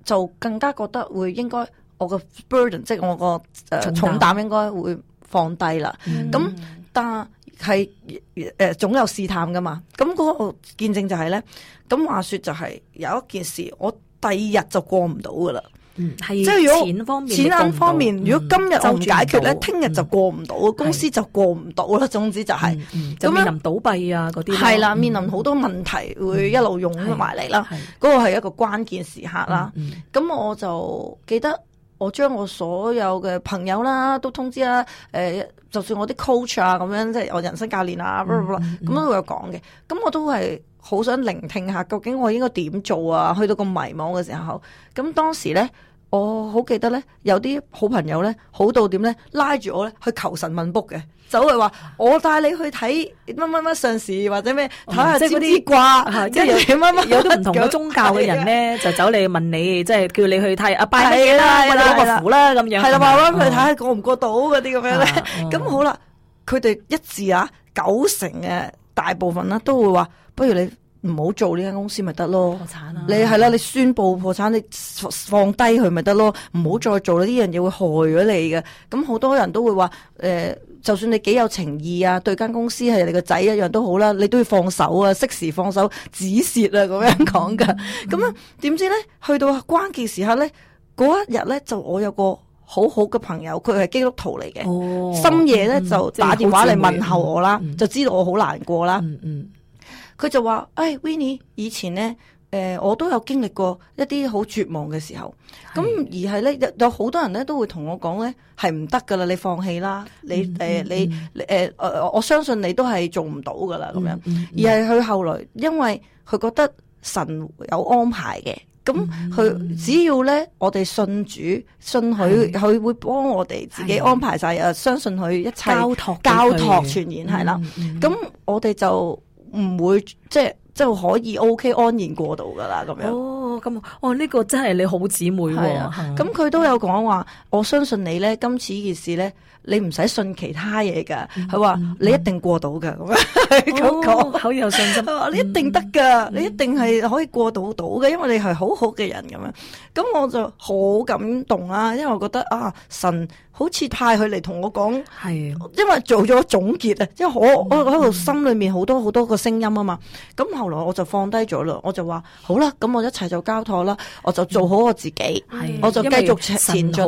就更加覺得會應該我個 burden，即係我個誒、呃、重、重擔應該會放低啦。咁、嗯、但係誒、呃，總有試探噶嘛？咁嗰個見證就係咧，咁話說就係有一件事，我第二日就過唔到噶啦。嗯，係即係如果錢方面，錢方面、嗯，如果今日我唔解決咧，聽日就過唔到、嗯，公司就過唔到啦。總之就係、是，嗯、就面臨倒閉啊嗰啲。係啦，面臨好多問題，嗯、會一路湧埋嚟啦。嗰、那個係一個關鍵時刻啦。咁、嗯嗯、我就記得我將我所有嘅朋友啦，都通知啦。誒、呃。就算我啲 coach 啊咁樣，即係我人生教練啊，咁都會有講嘅，咁、嗯嗯、我都係好想聆聽下，究竟我應該點做啊？去到咁迷茫嘅時候，咁當時咧，我好記得咧，有啲好朋友咧，好到點咧，拉住我咧去求神問卜嘅。就走嚟話我帶你去睇乜乜乜上士或者咩睇下支卦，即係乜乜有啲唔同嘅宗教嘅人咧，就走嚟問你，即係叫你去睇啊拜你啦，拜個符啦咁樣，係啦，話啦佢睇下過唔過到嗰啲咁樣咧，咁好啦，佢哋一致啊九成嘅大部分咧都會話，不如你。唔好做呢間公司咪得咯，破產啊！你係啦，你宣布破產，你放低佢咪得咯，唔好再做啦，呢樣嘢會害咗你嘅。咁好多人都會話，誒、呃，就算你幾有情義啊，對間公司係你個仔一樣都好啦，你都要放手啊，適時放手，止蝕啊，咁樣講噶。咁、嗯、啊，點知咧，去到關鍵時刻咧，嗰一日咧，就我有個好好嘅朋友，佢係基督徒嚟嘅、哦，深夜咧、嗯、就打電話嚟問候我啦、嗯，就知道我好難過啦，嗯嗯。嗯佢就話：哎 Winnie 以前呢，誒、呃，我都有經歷過一啲好絕望嘅時候，咁而係呢，有好多人呢都會同我講呢係唔得噶啦，你放棄啦，你、嗯、誒、嗯，你誒、呃呃，我相信你都係做唔到噶啦，咁樣。嗯嗯嗯、而係佢後來，因為佢覺得神有安排嘅，咁佢只要呢，我哋信主，信佢，佢會幫我哋自己安排晒，誒，相信佢一切交託，交託，傳言係啦。咁我哋就。唔會，即係即係可以 OK 安然過度㗎啦，咁樣。Oh. 哦咁，哦呢、呢個真係你好姊妹喎、哦。咁佢都有講話、嗯，我相信你咧。今次呢件事咧，你唔使信其他嘢噶。佢、嗯、話、嗯、你一定過到噶，咁、哦、講 口有信心。佢話你一定得噶，你一定係可、嗯、可以過到到嘅，因為你係好好嘅人咁樣。咁我就好感動啊，因為我覺得啊，神好似派佢嚟同我講，係因為做咗總結啊，即、嗯、係我、嗯、我喺度心裏面好多好多個聲音啊嘛。咁後來我就放低咗咯，我就話好啦，咁我一齊就。交託啦，我就做好我自己，嗯、我就繼續前進。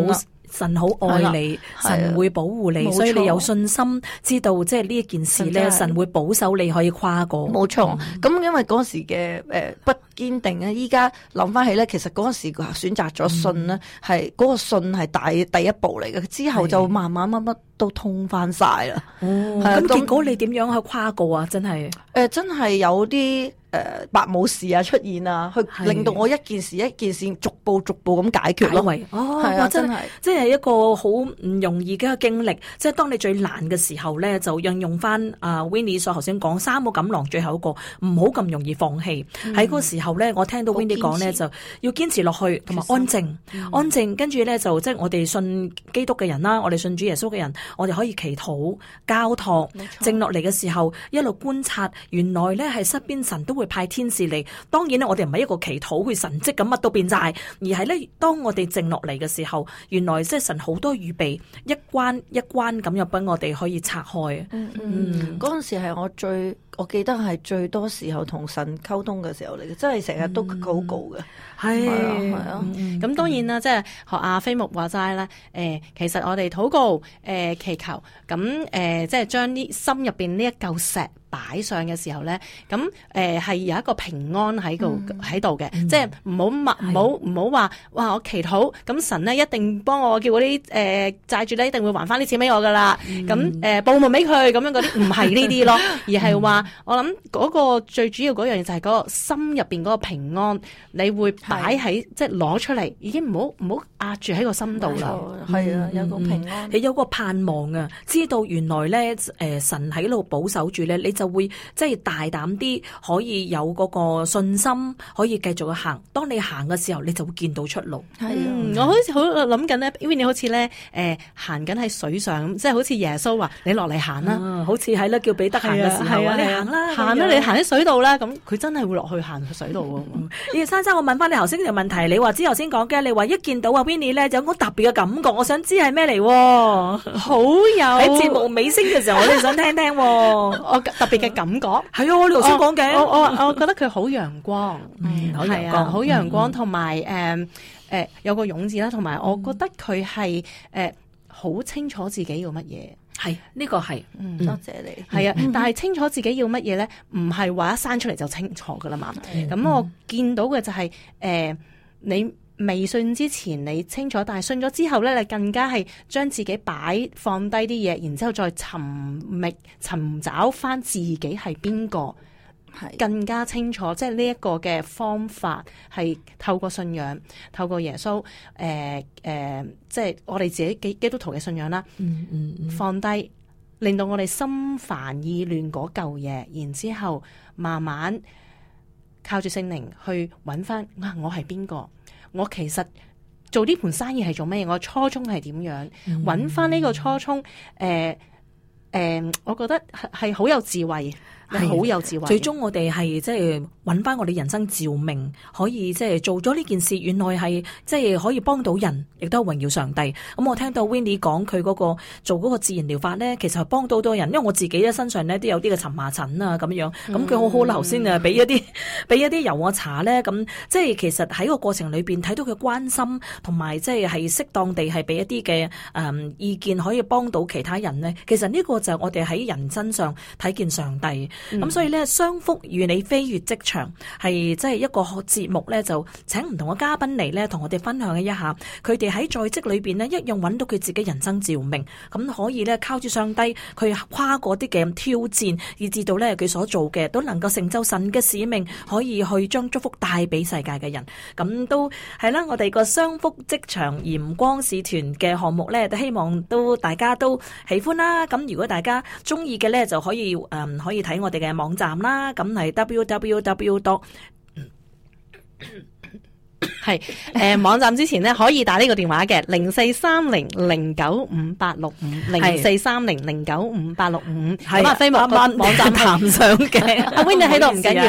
神好愛你，神會保護你，所以你有信心，知道即係呢一件事咧，就是，神會保守你可以跨過。冇錯，咁，嗯，因為嗰時嘅誒不堅定咧，依家諗翻起咧，其實嗰時選擇咗信呢係嗰個信係大第一步嚟嘅，之後就慢慢乜乜，都通翻晒啦，咁結果你點樣去跨過啊？真係誒、呃，真係有啲誒白武士啊出現啊，啊，去令到我一件事一件事逐步逐步咁解決咯、啊。哦，係啊，真係，真係一個好唔容易嘅經歷。即係當你最難嘅時候咧，就應用翻阿 Winnie 所頭先講三個錦囊，最後一個唔好咁容易放棄。喺、嗯、嗰個時候咧，我聽到 Winnie 講咧，就要堅持落去，同埋安靜、嗯，安靜。跟住咧就即係、就是、我哋信基督嘅人啦，我哋信主耶穌嘅人。我哋可以祈禱、交託、靜落嚟嘅時候，一路觀察，原來咧係身邊神都會派天使嚟。當然咧，我哋唔係一個祈禱，會神蹟咁乜都變晒，而係咧當我哋靜落嚟嘅時候，原來即係神好多預備，一關一關咁又俾我哋可以拆開。嗯，嗰、嗯、陣、嗯、時係我最，我記得係最多時候同神溝通嘅時候嚟嘅，真係成日都禱告嘅。係、嗯、啊，係啊。咁、嗯嗯、當然啦，即係學阿飛牧話齋呢。誒，其實我哋禱告，誒、呃。祈求咁誒、呃、即係將呢心入邊呢一舊石，擺上嘅時候咧，咁誒係有一個平安喺度喺度嘅，即係唔好默唔好唔好話哇！我祈禱咁神咧一定幫我叫嗰啲誒債主咧一定會還翻啲錢俾我噶啦，咁誒報門俾佢咁樣，嗰啲唔係呢啲咯， 嗯、而係話我諗嗰個最主要嗰樣嘢就係嗰個心入邊嗰個平安，你會擺喺即係攞出嚟，已經唔好唔好壓住喺個心度啦。係啊、嗯，有個平安，嗯、你有個盼望啊，知道原來咧誒、呃、神喺度保守住咧，你。就會即係大膽啲，可以有嗰個信心，可以繼續去行。當你行嘅時候，你就會見到出路。係、嗯，我好似好諗緊咧 Winnie 好似咧，誒行緊喺水上，即、就、係、是、好似耶穌話：你落嚟行啦。好似喺呢叫彼得行嘅時候，你行啦，行啦，你行喺、啊啊、水度啦，咁佢真係會落去行喺水度。咦、 欸，珊珊，我問翻你頭先條問題，你話知頭先講嘅，你話一見到阿 Winnie 咧有好特別嘅感覺，我想知係咩嚟？好有喺節目尾聲嘅時候，我 哋想聽聽。 別嘅感覺係啊、嗯！我頭先講嘅，我我我覺得佢好陽光，係、嗯、啊，好陽光，同埋誒誒有個勇字啦，同埋我覺得佢係誒好清楚自己要乜嘢，係呢、這個係，嗯，多謝你，係啊，但係清楚自己要乜嘢咧，唔係話一生出嚟就清楚噶啦嘛，咁、嗯、我見到嘅就係、是、誒、呃、你。未信之前你清楚，但係信咗之後咧，你更加係將自己擺放低啲嘢，然之後再尋覓尋找翻自己係邊個，係更加清楚。是即係呢一個嘅方法係透過信仰，透過耶穌，誒、呃、誒、呃，即係我哋自己基督徒嘅信仰啦。嗯嗯，嗯，放低令到我哋心煩意亂嗰舊嘢，然之後慢慢靠住聖靈去揾翻啊，我係邊個。我其實做呢盤生意係做咩嘢？我初衷係點樣？揾翻呢個初衷，誒、呃、誒、呃，我覺得係係好有智慧，好有智慧。最終我哋係即係揾翻我哋人生照明，可以即係做咗呢件事，原來係即係可以幫到人，亦都係榮耀上帝。咁我聽到 Winnie 講佢嗰個做嗰個自然療法咧，其實係幫到好多人。因為我自己咧身上咧都有啲嘅蕁麻疹啊咁樣，咁佢好好。頭先啊，俾一啲俾一啲油我搽咧，咁即係其實喺個過程裏邊睇到佢關心，同埋即係係適當地係俾一啲嘅誒意見，可以幫到其他人咧。其實呢個就係我哋喺人身上睇見上帝。咁、嗯嗯、所以呢，商福與你飛越職場係即係一個學節目呢。就請唔同嘅嘉賓嚟呢，同我哋分享一下佢哋喺在職裏面呢，一樣揾到佢自己人生照明，咁可以呢，靠住上帝，佢跨過啲嘅挑戰，以至到呢，佢所做嘅都能夠成就神嘅使命，可以去將祝福帶俾世界嘅人。咁都係啦，我哋個商福職場鹽光使團嘅項目呢，都希望都大家都喜歡啦。咁如果大家中意嘅呢，就可以、嗯、可以睇我。我哋嘅網站啦，咁係 www 多，係 誒、呃、網站之前咧可以打呢個電話嘅零四三零零九五八六五零四三零零九五八六五，係網站上嘅，阿 Winnie 喺度唔緊要，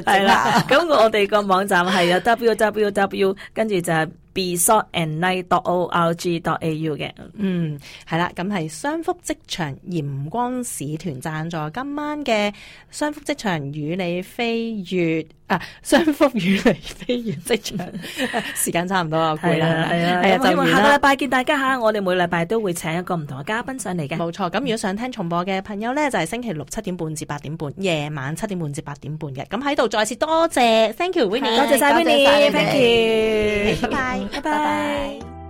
係啦。咁我哋個網站係有 www，跟住就係、是。B. S. O. N. I. D. O. R. G. A. U 嘅，嗯，係啦，咁係雙福職場鹽光使團贊助今晚嘅雙福職場與你飛越啊，雙福與你飛越職場， 時間差唔多啊，攰啦，係啊，係啊，下個禮拜見大家吓， 我哋每禮拜都會請一個唔同嘅嘉賓上嚟嘅，冇錯。咁如果想聽重播嘅朋友呢，就係、是、星期六七點半至八點半，夜晚七點半至八點半嘅。咁喺度再次多謝，thank you Winnie，多謝晒 Winnie，thank you，拜。拜拜。